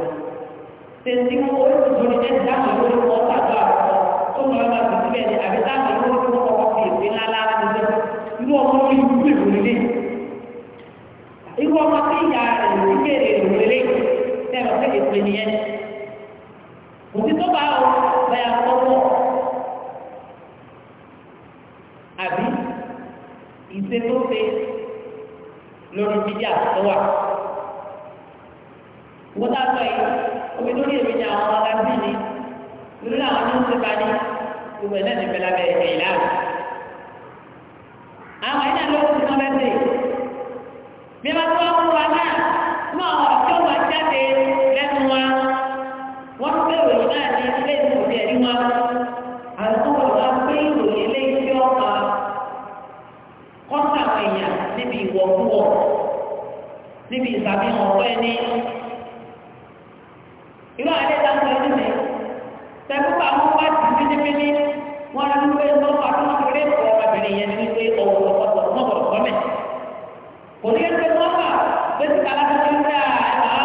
Tẹ̀sí mú orúkọ tó ní tẹ́sí láti lórí wọn pàtó àkọ́ tó mọ̀ ọ́n bá ti ti bẹ́ẹ̀ ni àbí láti lórí wọn kọ́kọ́ fi èsì ńlá lára ní bẹ́ẹ̀. Irú ọmọ mi ń gbé ìrù nílé. Irú ọmọ tí ìyá rẹ̀ ń gbèrè ìrù nílé tẹ̀rọ sí èpè nìyẹn. Òtítọ́ bá ọ bẹ́ẹ̀ kọ́kọ́ àbí ìṣètò fèé lórí bíbí àtúwà. Wọ́n tá a sọ yìí, omi lórí èmi ni àwọn ọmọ kan bíi ni, lórí àwọn tó ń ṣe bá ní, gbogbo ẹ̀ náà ní bẹ̀rẹ̀ bẹ̀rẹ̀ ẹ̀yìn láàrú. Àwọn ẹ̀yìn náà ló ń sọ bẹ́ẹ̀ sè. Bí wọ́n tó wọ́n wá náà, wọ́n àwọn ọ̀ṣọ́ wọn jáde lẹ́nu wa. Wọ́n ń gbé òyìn náà ní ilé ìwòsàn ẹ̀rí wọn. Àwọn tó wọ́n gbé ìròyìn ilé iṣẹ́ ọ̀kan àwọn èèyàn níbi ìwọ̀kúwọ̀ níbi ìsàfihàn ọ̀pọ̀ ẹni irú àlẹ́ ìdáhùn ẹni mi tẹ̀kúpa wọn bá ti pínnípínní wọn rí wípé ń lọ́pàá tó wọn kéré pọ̀ ọmọbìnrin yẹn ní wípé ọ̀wọ̀ ọ̀pọ̀ ọ̀pọ̀ mẹ́ẹ̀ kò ní ẹgbẹ́ wọn bá bẹ́sí kàlá ń dá ẹ̀ máa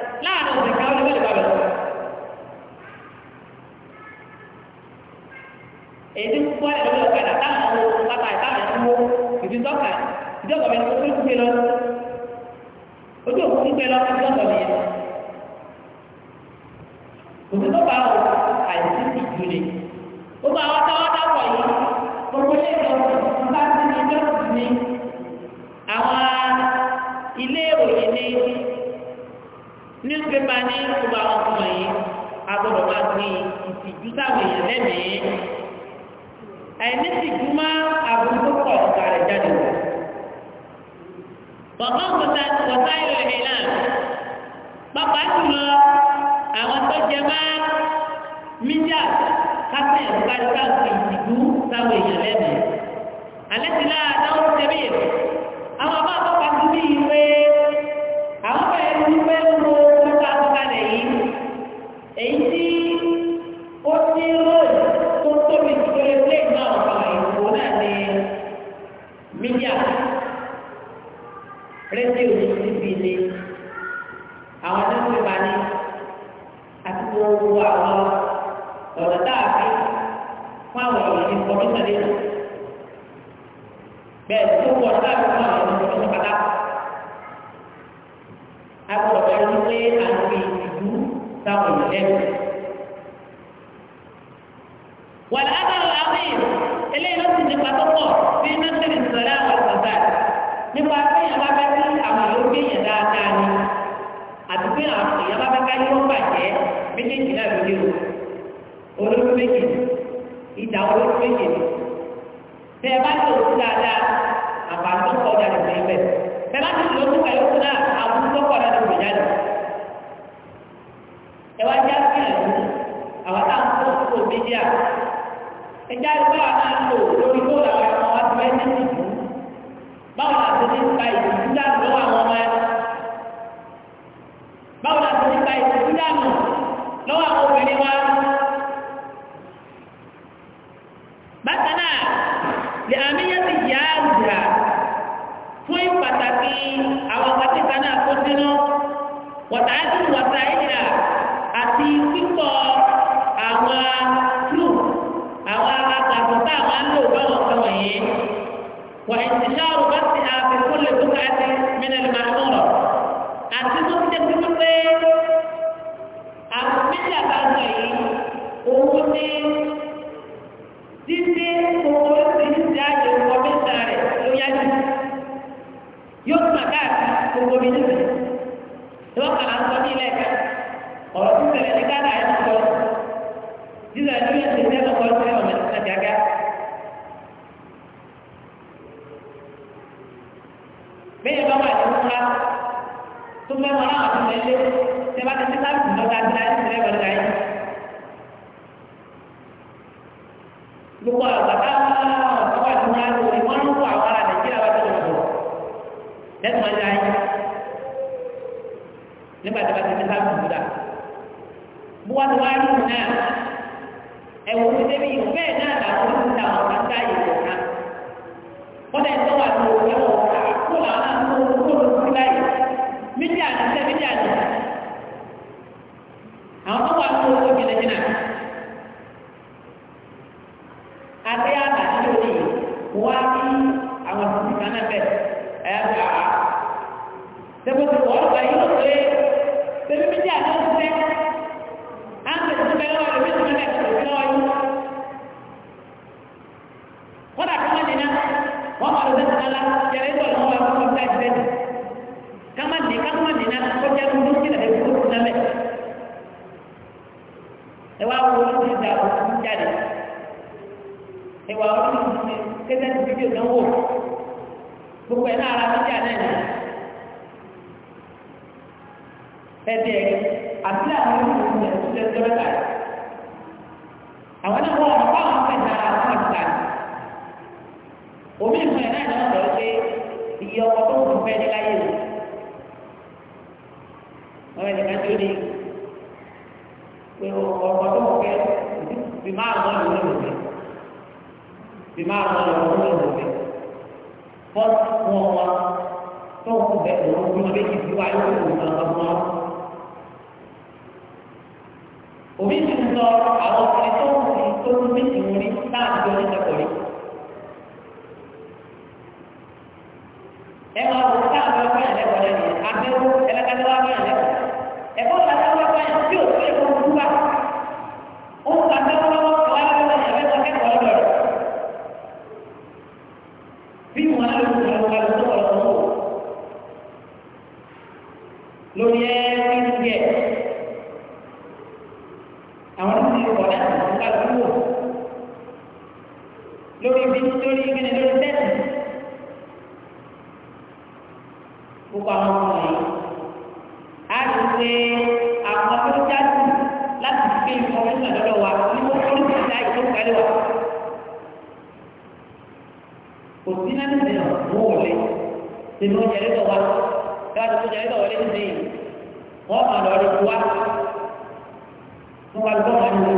láàrin ọ̀sẹ̀ kan ọdún mẹ́lẹ̀ bàbẹ̀ èdè púpọ̀ ẹ̀ lórí ọ̀kadà táwọn ọmọ ogun pápá ìtàwọn ẹ̀ ń wó ìdíjọ́kà ìjọba mi ojú òkú lọ ojú òkú gbé lọ ìjọba mi yẹn. bá wọn àìsí ìjú ni ó bá wọn táwọn. pépà ní gbogbo àwọn ọmọ yìí agbọ́dọ̀ máa gbé ìtìjú táwọn èèyàn lẹ́mìí àìní ìtìjú máa àbúrú tó pọ̀ ọ̀gá rẹ̀ jáde wọ̀. bọ̀mọ́ kọta kọta ìrẹ̀lẹ̀ náà pàpà jùlọ àwọn tó jẹ máa mídíà kásẹ̀ ìgbàlùkà ìtìjú táwọn èèyàn lẹ́mìí. alẹ́ ti láà náà ń tẹ̀lé àwọn bá bọ́ pàtó bí ìwé àwọn bá yẹ kí wọ́n èyí tí ó ní róòlù tó tóbi tó lè lé náà ọ̀pọ̀ ìwò náà ní mídíà rédíò ní síbi ní àwọn tó ń pè bá ní àti gbogbo àwọn ọ̀rọ̀ dáàbí fún àwọn ọ̀rọ̀ ní ìlú táwọn èèyàn lẹ́nu. wàlá àbáwọ̀ àwìn eléyìí ló ti nípa tó pọ̀ bí mẹ́tìrì sọ̀rọ̀ àwọn ìsọ̀tà nípa pé ìyàwó abẹ́ tí àwọn ìlú gbé yẹn dáadáa ni àti pé ìyàwó abẹ́ ká yóò bàjẹ́ méjèèjì náà lóde o olórí méjì ìjà olórí méjì bẹ́ẹ̀ bá tó o ti dáadáa àbá tó kọ́ ọ́ jáde sí ibẹ̀ bẹ́ẹ̀ bá tó o ti lọ́ọ́ ẹwà jẹ́ àfihàn àwọn táwọn tó ń kó mídíà ẹjá ìgbà wà náà lò lórí kó làwọn ọmọ wa ti fẹ́ ní ìlú báwo la ti ní ta ìlú dànù lọ́wọ́ àwọn ọmọ ẹ báwo la ti ní ta ìlú dànù lọ́wọ́ àwọn obìnrin wa bákan náà lè àmì ti yá àgbà fún pàtàkì àwọn akẹ́kọ̀ọ́ náà kó sínú wọ̀tá ẹ̀sìn wọ̀tá ẹ̀yìn àti pípọ̀ àwọn flu àwọn agbàgbọ́ tá a máa ń lò báwọn kan wọ̀nyí wà ìtìṣàrò bá ti àfi kó lè tó ká ti mìíràn máa ń rọ̀ àti tó ti jẹ́ pípé pé àwọn méjì àbájọ yìí òun ní dídí owó ti ń ṣe àyè ọkọ mẹ́ta rẹ̀ ló yá jù yóò tún àkáàtì gbogbo mi níbi ìwọ́n kàrà ń sọ ní ilé ẹ̀ka ọ̀rọ̀ tó tẹ̀lé ní ghana ẹ̀ ń sọ nílẹ̀ ní ẹ̀ ti tẹ́lẹ̀ kọ́ sí ọ̀nà ìsìn àjàgá. bẹ́ẹ̀ bá wà ní múra tó fẹ́ mọ láwọn tó lẹ́lé tẹ́ bá ti tẹ́ sábì tó lọ́ta sí láti tẹ́lẹ̀ wọlé láyé. gbogbo àgbàdo àwọn ọ̀sán wà ní múra lórí wọ́n ń kó àwọn ará nàìjíríà wá tó lọ́wọ́ lẹ́tọ̀ọ́ láyé nígbà tí wọ́n ti tẹ́ sábì tó lọ́ta wá ní wáyé wọn náà ẹ̀wọ̀n ti débi ìfẹ́ náà làwọn ti ta àwọn kàtà ìwọ̀n náà wọ́n dẹ̀ tó wà ní òwe wọn kó làwọn náà tó kó ló kú láyé méjì àti sẹ́ méjì àti àwọn tó wà ní òwe jìnnàjìnnà àti àtàkì òní wá ní àwọn tuntun náà bẹ̀ ẹ̀ ẹ̀ bá a. Dẹ́gbẹ́sì wọ́n lọ yóò pé bébí méjì àti lórí ẹ̀ẹ́dì ń jẹ́ àwọn tó ti kọ̀ láti ìgbà dúró lórí bí lórí ìgbìnì lórí tẹ́sì gbogbo àwọn ọmọ yìí á ti ṣe àwọn tó jáde láti fi ìfọwọ́sọ lọ́dọ̀ wa ní kókó ní ìlà ìtòkálẹ̀ wa kò sí náà ní ìdènà wọlé tèmi ó lọ́dọ̀ wa láti tó jẹ́ ìdọ̀wọ́lé sí wọ́n máa lọ rí wá wọ́n wá gbọ́ wọn ní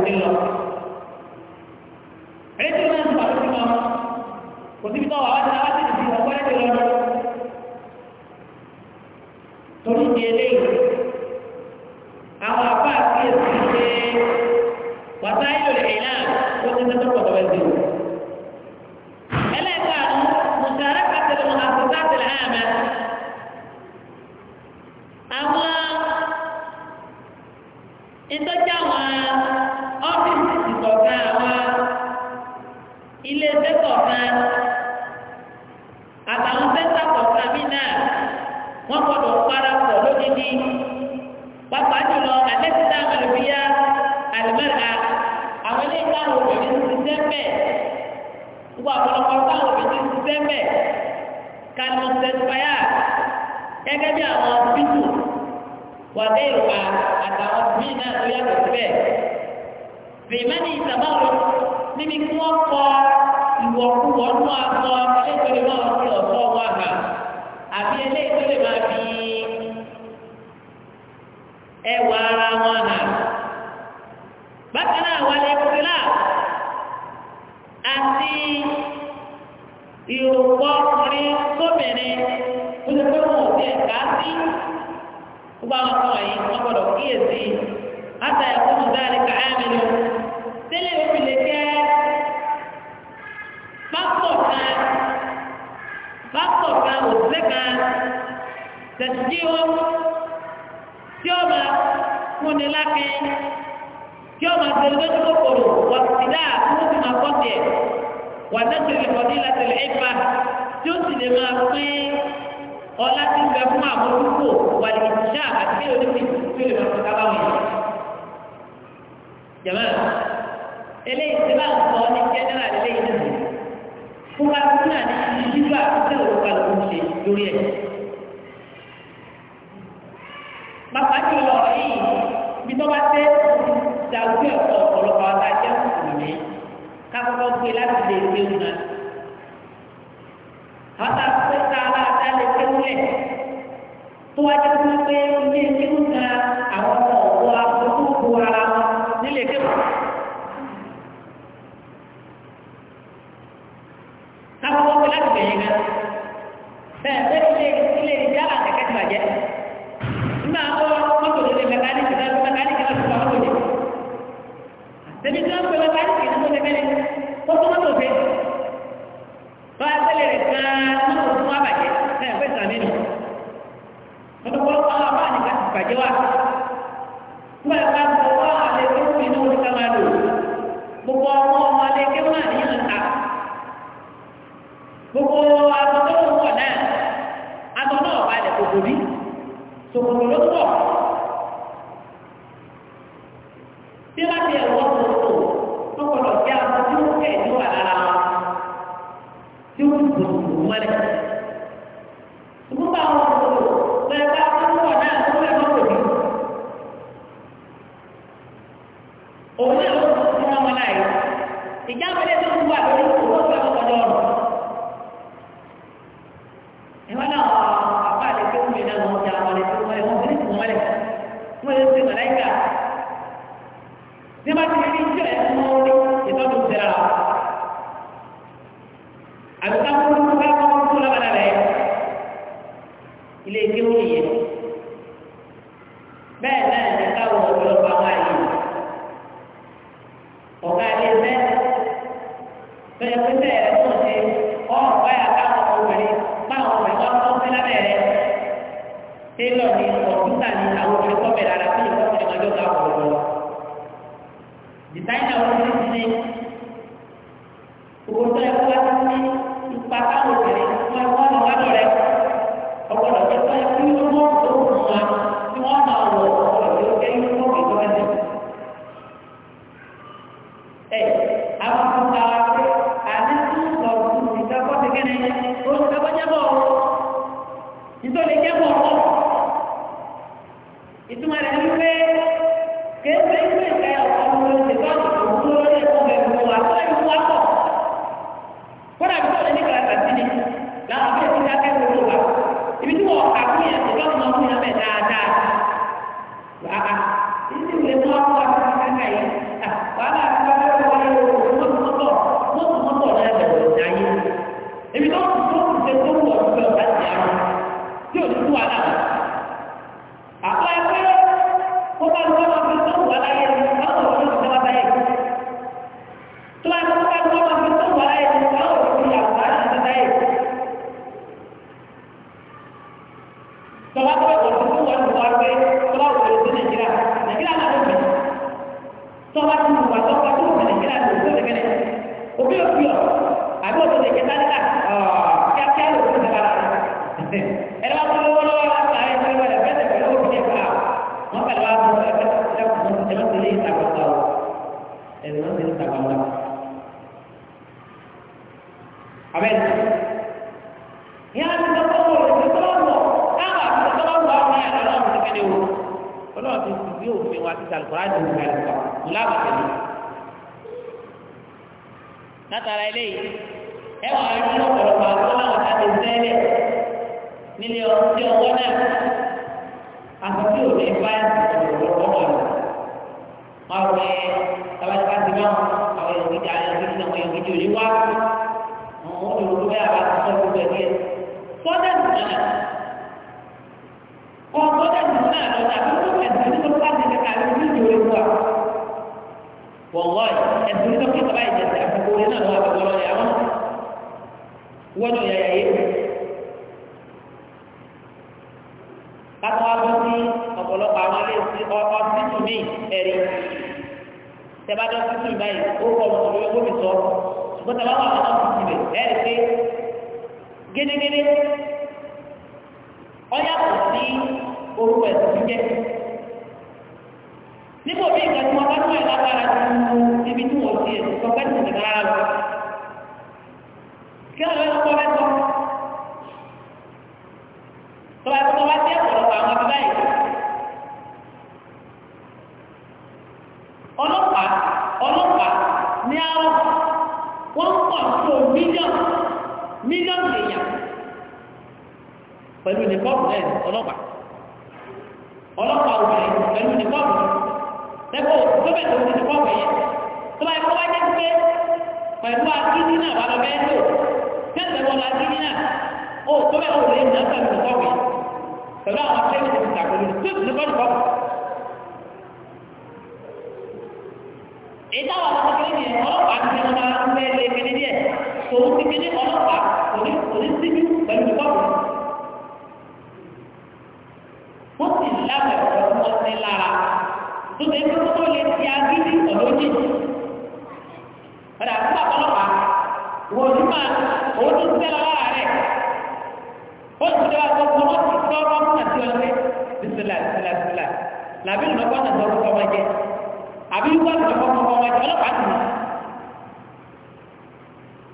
tiẹ̀ ká sí gbogbo àwọn ọmọ yìí wọ́n gbọ́dọ̀ kíyèsí látà ẹ̀kọ́ mú dáadé ká ẹ̀mí lọ tẹ́lẹ̀ òbí lè jẹ́ fáktọ̀ kan fáktọ̀ kan òṣìṣẹ́ kan tẹ̀síjí ó tí ó máa fúnni lákin tí ó máa tẹ̀lé lójú kòkòrò wà sí dáa tí ti máa kọ́ tiẹ̀ wà dẹ́tẹ̀lẹ̀ kọ́ ní ìlàtẹ̀lẹ̀ ẹ̀fà tí ó sì lè máa pín ọlá tí ń bẹ fún àmójúkò wà ní ìṣá àti bí oníbi tí ó lè máa fọdá báwọn yìí. jẹ̀mọ́ eléyìí tí bá ń sọ ní jẹ́nẹ́rà eléyìí nìyí fún wa fún wa ní ìdíjú àtúntẹ̀ òrùka ló ń ṣe lórí ẹ̀. bàbá tí lọ yìí bí tó bá tẹ́ ìdàgbé ọ̀pọ̀lọpọ̀ ọ̀tá jẹ́ kùkùrù ní gbé láti lè gbé òun náà bàtà pé tààlà àtàlẹ̀ kéwúlẹ̀ tó wájú fún pé ilé kéwú ga àwọn ọmọ ọ̀wọ́ àbójú bu ara wọn nílé kéwú. káfíwọ́n fi láti bẹ̀yìn gan bẹ́ẹ̀ bẹ́ẹ̀ ilé ilé ìjálá kẹ̀kẹ́ ti bàjẹ́ nígbà tó mọ́tò lè lè mẹkáníkì náà mẹkáníkì náà ti bá mọ́tò lè. tí wọ́n pe mẹkáníkì náà tó lè mẹ́rin kó tó mọ́tò fẹ́ tọ́ agbélé rẹ̀ gan-an nínú òfin wa bàjẹ́ ẹ̀ fẹ́ sàmì nù wọ́n kọ́ àwọn àbá nìkan ti bàjẹ́ wa nígbà tí wọ́n bọ̀ wá àlẹ́ tó fi ní orí kama lò gbogbo ọmọ ọmọ alẹ́ kí wọ́n àní yàn ta gbogbo ti ẹ̀wọ́ tó tó wọ́n kọ̀ lọ sí tí wọ́n kẹ̀ ní wà wọn. tí wọ́n ń rẹ̀. mílíọ̀nù èèyàn pẹ̀lú nìkọ́ọ̀bù náà ọlọ́pàá ọlọ́pàá obìnrin pẹ̀lú nìkọ́ọ̀bù lẹ́kọ̀ọ́ gómìnà tó ti nìkọ́ọ̀bù tó bá kó wá jẹ́ pé pẹ̀lú akíní náà bá lọ bẹ́ẹ̀ lò tẹ́sẹ̀ wọn lọ akíní náà ó tó bẹ́ẹ̀ ó lè nà pẹ̀lú nìkọ́ọ̀bù yẹn pẹ̀lú àwọn tòun ti fi ní ọlọ́pàá kò ní kò ní síbi pẹ̀lú bọ́ọ̀lù. wọ́n sì lábẹ̀ ọ̀rọ̀ wọn sí lára tó lè tó tó lè ti agídí ọ̀dọ́ jìjì. padà fún ọlọ́pàá wọ́n ti máa òun tó ti tẹ́lọ lára rẹ̀. ó sì lè wá sọ fún wọn ti tọ́ ọmọ àti ọ̀sẹ̀ bísílà bísílà bísílà làbí ìlú ọgbọ́n àti ọgbọ́n ọmọ jẹ àbí ìlú ọgbọ́n àti ọgbọ́n ọmọ jẹ ọlọ́pàá ti mọ̀.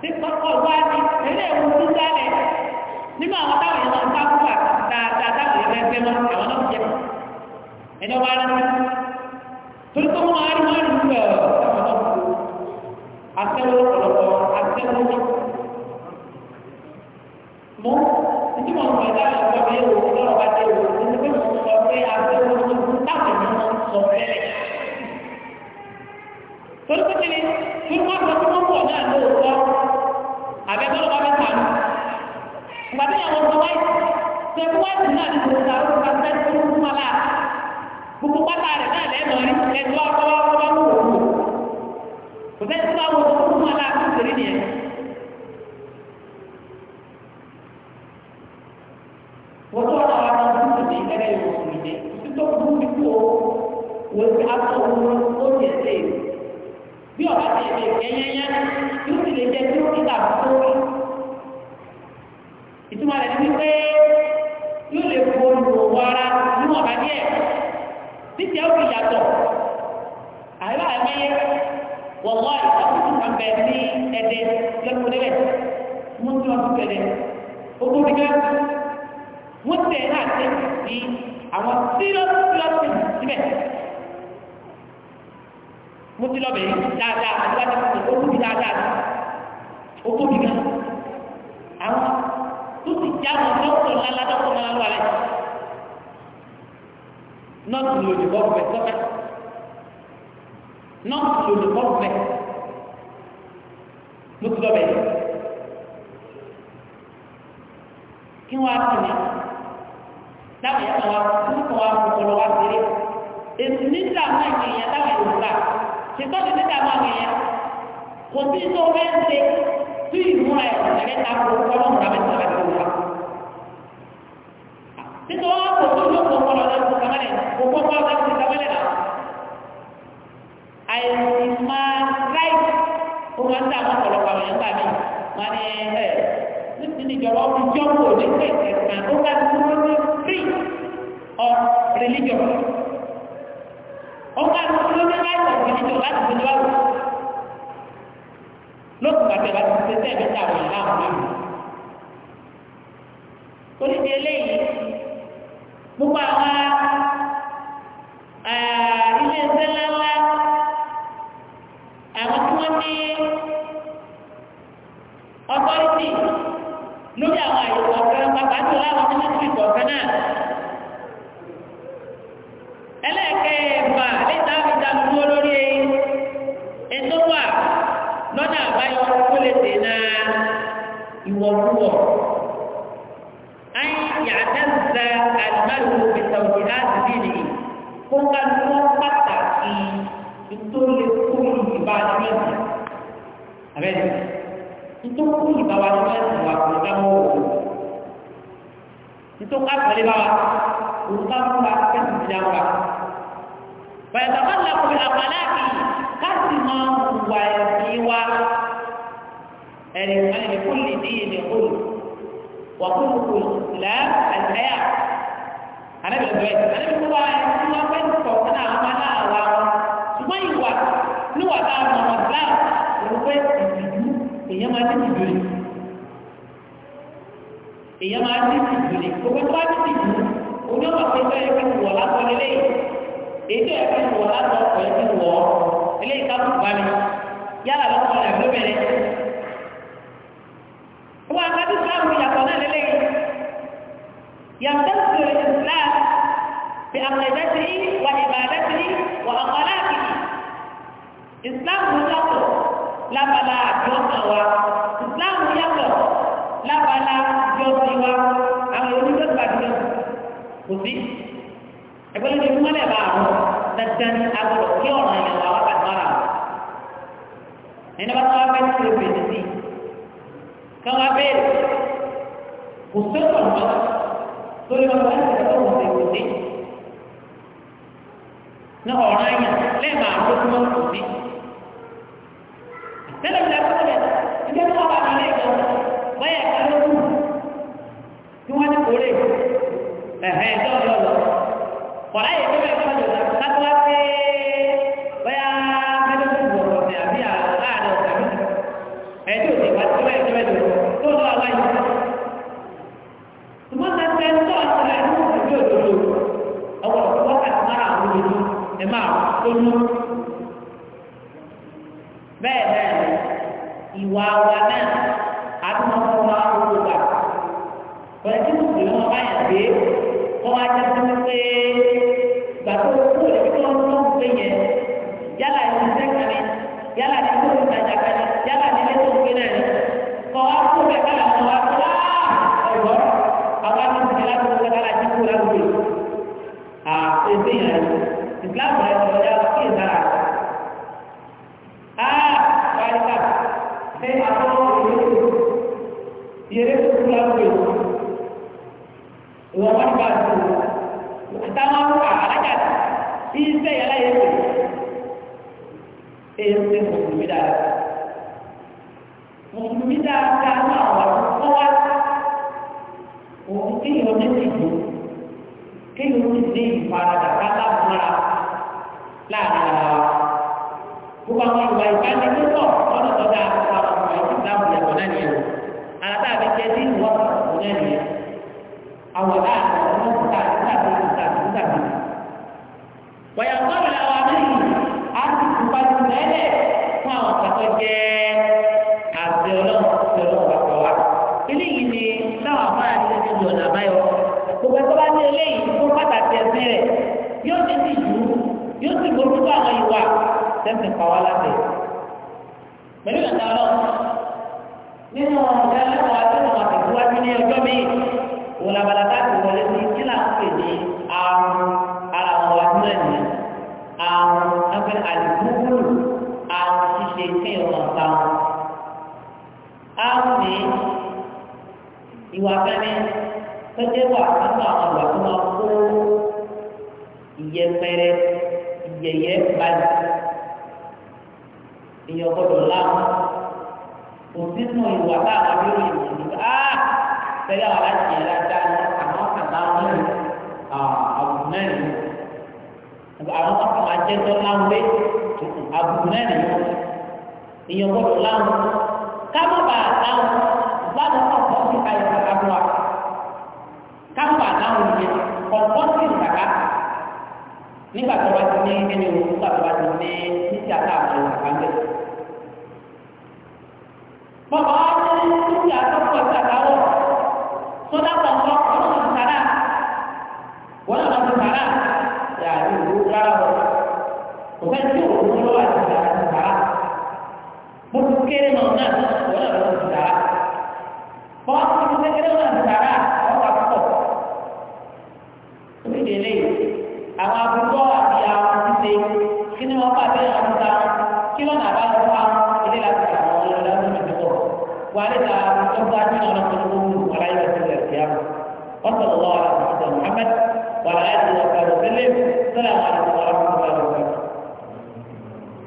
tí kọ́kọ́ wá ní eré ewu tó dálẹ̀ nínú àwọn táwọn èèyàn máa ń sáfù wà dáadáa táwọn èèyàn ẹgbẹ́ wọn àwọn náà jẹ ẹni wá rẹ torí pé wọn á wọn rí ẹ ọmọ náà kú àtẹwọ ọ̀pọ̀lọpọ̀ àtẹwọ ní. mo títí wọn fẹ́ dáhùn ọgbọ́n mi ò lọ́rọ̀ bá dé o ní pé mo sọ pé àtẹwọ ní ń sọ fẹ́lẹ̀ torí pé kí ni torí wọn sọ fún pọ̀ náà lóòótọ́ àbẹ́tọ́ ló bá fẹ́ sànù ìgbà tí àwọn ọmọ wáyé ṣe fún wáyé náà ní kòkòrò àwọn ọmọ fẹ́ fún fún wa láà gbogbo pátá rẹ̀ náà lẹ́nu rí ẹjọ́ ọkọ̀ ọkọ̀ wò ó kò fẹ́ fún àwọn ọmọ fún wa láà fún ìṣèlérí yẹn. wọ́n tún ọ̀rọ̀ àwọn ọmọ tó kú ètò ìgbẹ́yẹ́yẹ́ yóò sì lè jẹ́ tí ó kíkà tó ìtumọ̀ rẹ̀ ní pé yóò lè fo olùwọ̀ ara níwọ̀n bá díẹ̀ títí ó fi yàtọ̀ àríwá àmẹ́yẹ wọ̀wọ́ ìtọ́kùtù kan bẹ̀ ní ẹ̀dẹ̀ lọ́dún débẹ̀ àwọn sílọ́sílọ́sì mo ti lọ bẹ̀ dáadáa àti láti fún mi ó tóbi dáadáa ó tóbi gan àwọn tó ti já wọn dọ́kítọ̀ lálá dọ́kítọ̀ máa lọ alẹ́ nọ́ọ̀tì ló lè bọ́ọ̀bù bẹ̀ sọ́kẹ́ nọ́ọ̀tì ló lè bọ́ọ̀bù bẹ̀ mo ti lọ bẹ̀ kí wọ́n á ti mi dábìá kan wá kí wọ́n á kọ́kọ́ lọ wá sí eré èsì nígbà máa ń yẹ̀yẹ́ dábìá gbà tìtọ́ ti níta máa mi yẹn kò sí tó fẹ́ ṣe tí ìmúra ẹ̀ ọ̀sẹ̀rẹ̀ ta kó kọ́lọ́ mọ̀ra bẹ́ẹ̀ sọ̀rọ̀ àti òwúrọ̀. títọ́ wọn kò tó ló kó kọ́lọ́ lọ́wọ́ kàmẹ́lẹ̀ kò kó kọ́lọ́ lọ́wọ́ kàmẹ́lẹ̀ náà. àìsí máa ráìtì ó máa ń dá àwọn ọ̀pọ̀lọpọ̀ àwọn yẹn gbà mí wọn ni ẹ níbi níjọba ó fi jọ́ kó o ní pẹ̀sẹ̀ kan ó bá ti kúrò ní free of religion wá ní kí ló ní láì sọ ìdí tó láti fi lọ́wọ́ lókùn àti ẹ̀rọ ti ṣe tẹ́ẹ̀mí gbogbo àwọn itu kan dari bawah bukan bukan tidak bukan فيتخلق بالأخلاق كثم وسوى يعني لكل دين خلق وخلق الإسلام الحياة أنا بالبيت أنا بالبيت أنا بالبيت فوقنا عملا وعلا ṣùgbọ́n ìwà níwà táwọn ọmọ ìsìláàmù ló pé ìdíjú èèyàn máa ń tẹ̀sí lórí èèyàn máa ní ìdìbò ní gbogbo tó bá ní ìdìbò oní ọmọ pé bẹ́ẹ̀ fi wọ̀ látọ̀ lélẹ̀ ètò ẹ̀ fi wọ̀ látọ̀ ọ̀pọ̀ ẹ̀ fi wọ̀ ọ́ eléyìí ká kùn bá yálà lọ́kọ̀ rẹ̀ ló bẹ̀rẹ̀ wọ́n akájú sáàmù ìyàtọ̀ náà lélẹ̀ yàtọ̀ sí ìsìláà bí àpẹẹdẹ́sì wà ìbàdẹ́sì wà àpàláàkì ìsìláàmù yàtọ̀ lábala àjọ lábala jọ sí wa àwọn èèyàn oníṣẹ́ ìgbàdúrà kò sí ẹgbẹ́ lóde fún mọ́lẹ̀ bá àwọn dandan agbọ̀dọ̀ kí ọ̀ràn yẹn wà wá kàdúrà ẹni bá tó wá fẹ́ tó bèrè sí kí wọ́n bèrè kò sọ́kọ̀ lọ lórí wọn wọ́n ti sọ́kọ̀ wọn ti kò sí ní ọ̀ràn yẹn lẹ́ẹ̀ma àkókò wọn kò sí. kórè ẹ̀hẹ́ ẹjọ́ ọ̀dọ́ lọ kọ̀lá yìí tó bẹ́ẹ̀ kọ́jọ látọ́ wá pé bóyá mẹ́tọ́ tó bọ̀ ọ̀sẹ̀ àbí àárẹ̀ ọ̀sẹ̀ àbí ẹjọ́ òsè wá tó bẹ́ẹ̀ tó bẹ́ẹ̀ tó lọ wá yìí. ṣùgbọ́n ta ṣe ń tọ́ ọ̀sẹ̀ rẹ̀ ní ojú òdodo ọwọ́ wákàtí mara àwọn òdodo ẹ máa tó nú bẹ́ẹ̀ jẹ́ àti ọlọ́run àti ọlọ́run àpọ̀ wa eléyìí ni táwọn afárá ti ṣe ti lọ́nà àbáyọ gbogbo ẹ̀kọ́ bá ní eléyìí fún pàtàkì ẹ̀sìn rẹ̀ yóò ní ti jù yóò sì gbogbo tó àwọn ìwà tẹ̀sìn pa wá láti pẹ̀lú ìlànà ọlọ́run nínú ọ̀gá ẹlẹ́wọ̀n àtẹ̀wọ̀n àtẹ̀síwájú ní ọjọ́ mi òun làbàlà láti wọlé sí kí là ń pè ní àrùn àwọn wa sílẹ̀ nìyẹn àrùn ṣíṣe kéèyàn máa bá wọn. àrùn ní ìwà fẹ́mi tó jẹ́ wà nínú àwọn ìwà tó máa kó ìyẹpẹrẹ ìyẹyẹ balẹ̀ èèyàn gbọ́dọ̀ láwọn kò sínú ìwà táwọn abẹ́rẹ́ ìwà nígbà á tẹ́lẹ̀ wà láti yẹn láti dáná àmọ́ àbáwọn àwùjọ náà àwọn kọ́kọ́ máa jẹ́ tó láwùlé àbùkù náà nìyẹn èèyàn gbọ́dọ̀ láwù kámọ́bà láwù láwù kọ̀ọ̀kan ti ka ìgbà kábọ̀ wa kámọ́bà láwù yẹn kọ̀ọ̀kan ti ìgbàgbá nígbà tó bá ti ní ẹni òun nígbà tó bá ti ní títí àtàwọn ìgbàgbá ń bẹ̀. bọ́bá wá ní títí àtọ́kọ̀ ìgbàgbáwọ̀ sọ́dá kọ̀ọ̀kan ọlọ́run sàrà wọ́n lọ́run sàrà dari luka bukan itu mengeluarkan darah tidak mungkin mengenai darah tidak kalau kita mengeluarkan darah kalau tak cukup tapi ini apa pun kau dia sisi kini apa dia kata kita nak bawa orang ini lagi kalau dalam hidup wanita kita tidak orang berumur walaupun dia siapa Allahumma Muhammad وعلى آله وصحبه وسلم السلام عليكم ورحمة الله وبركاته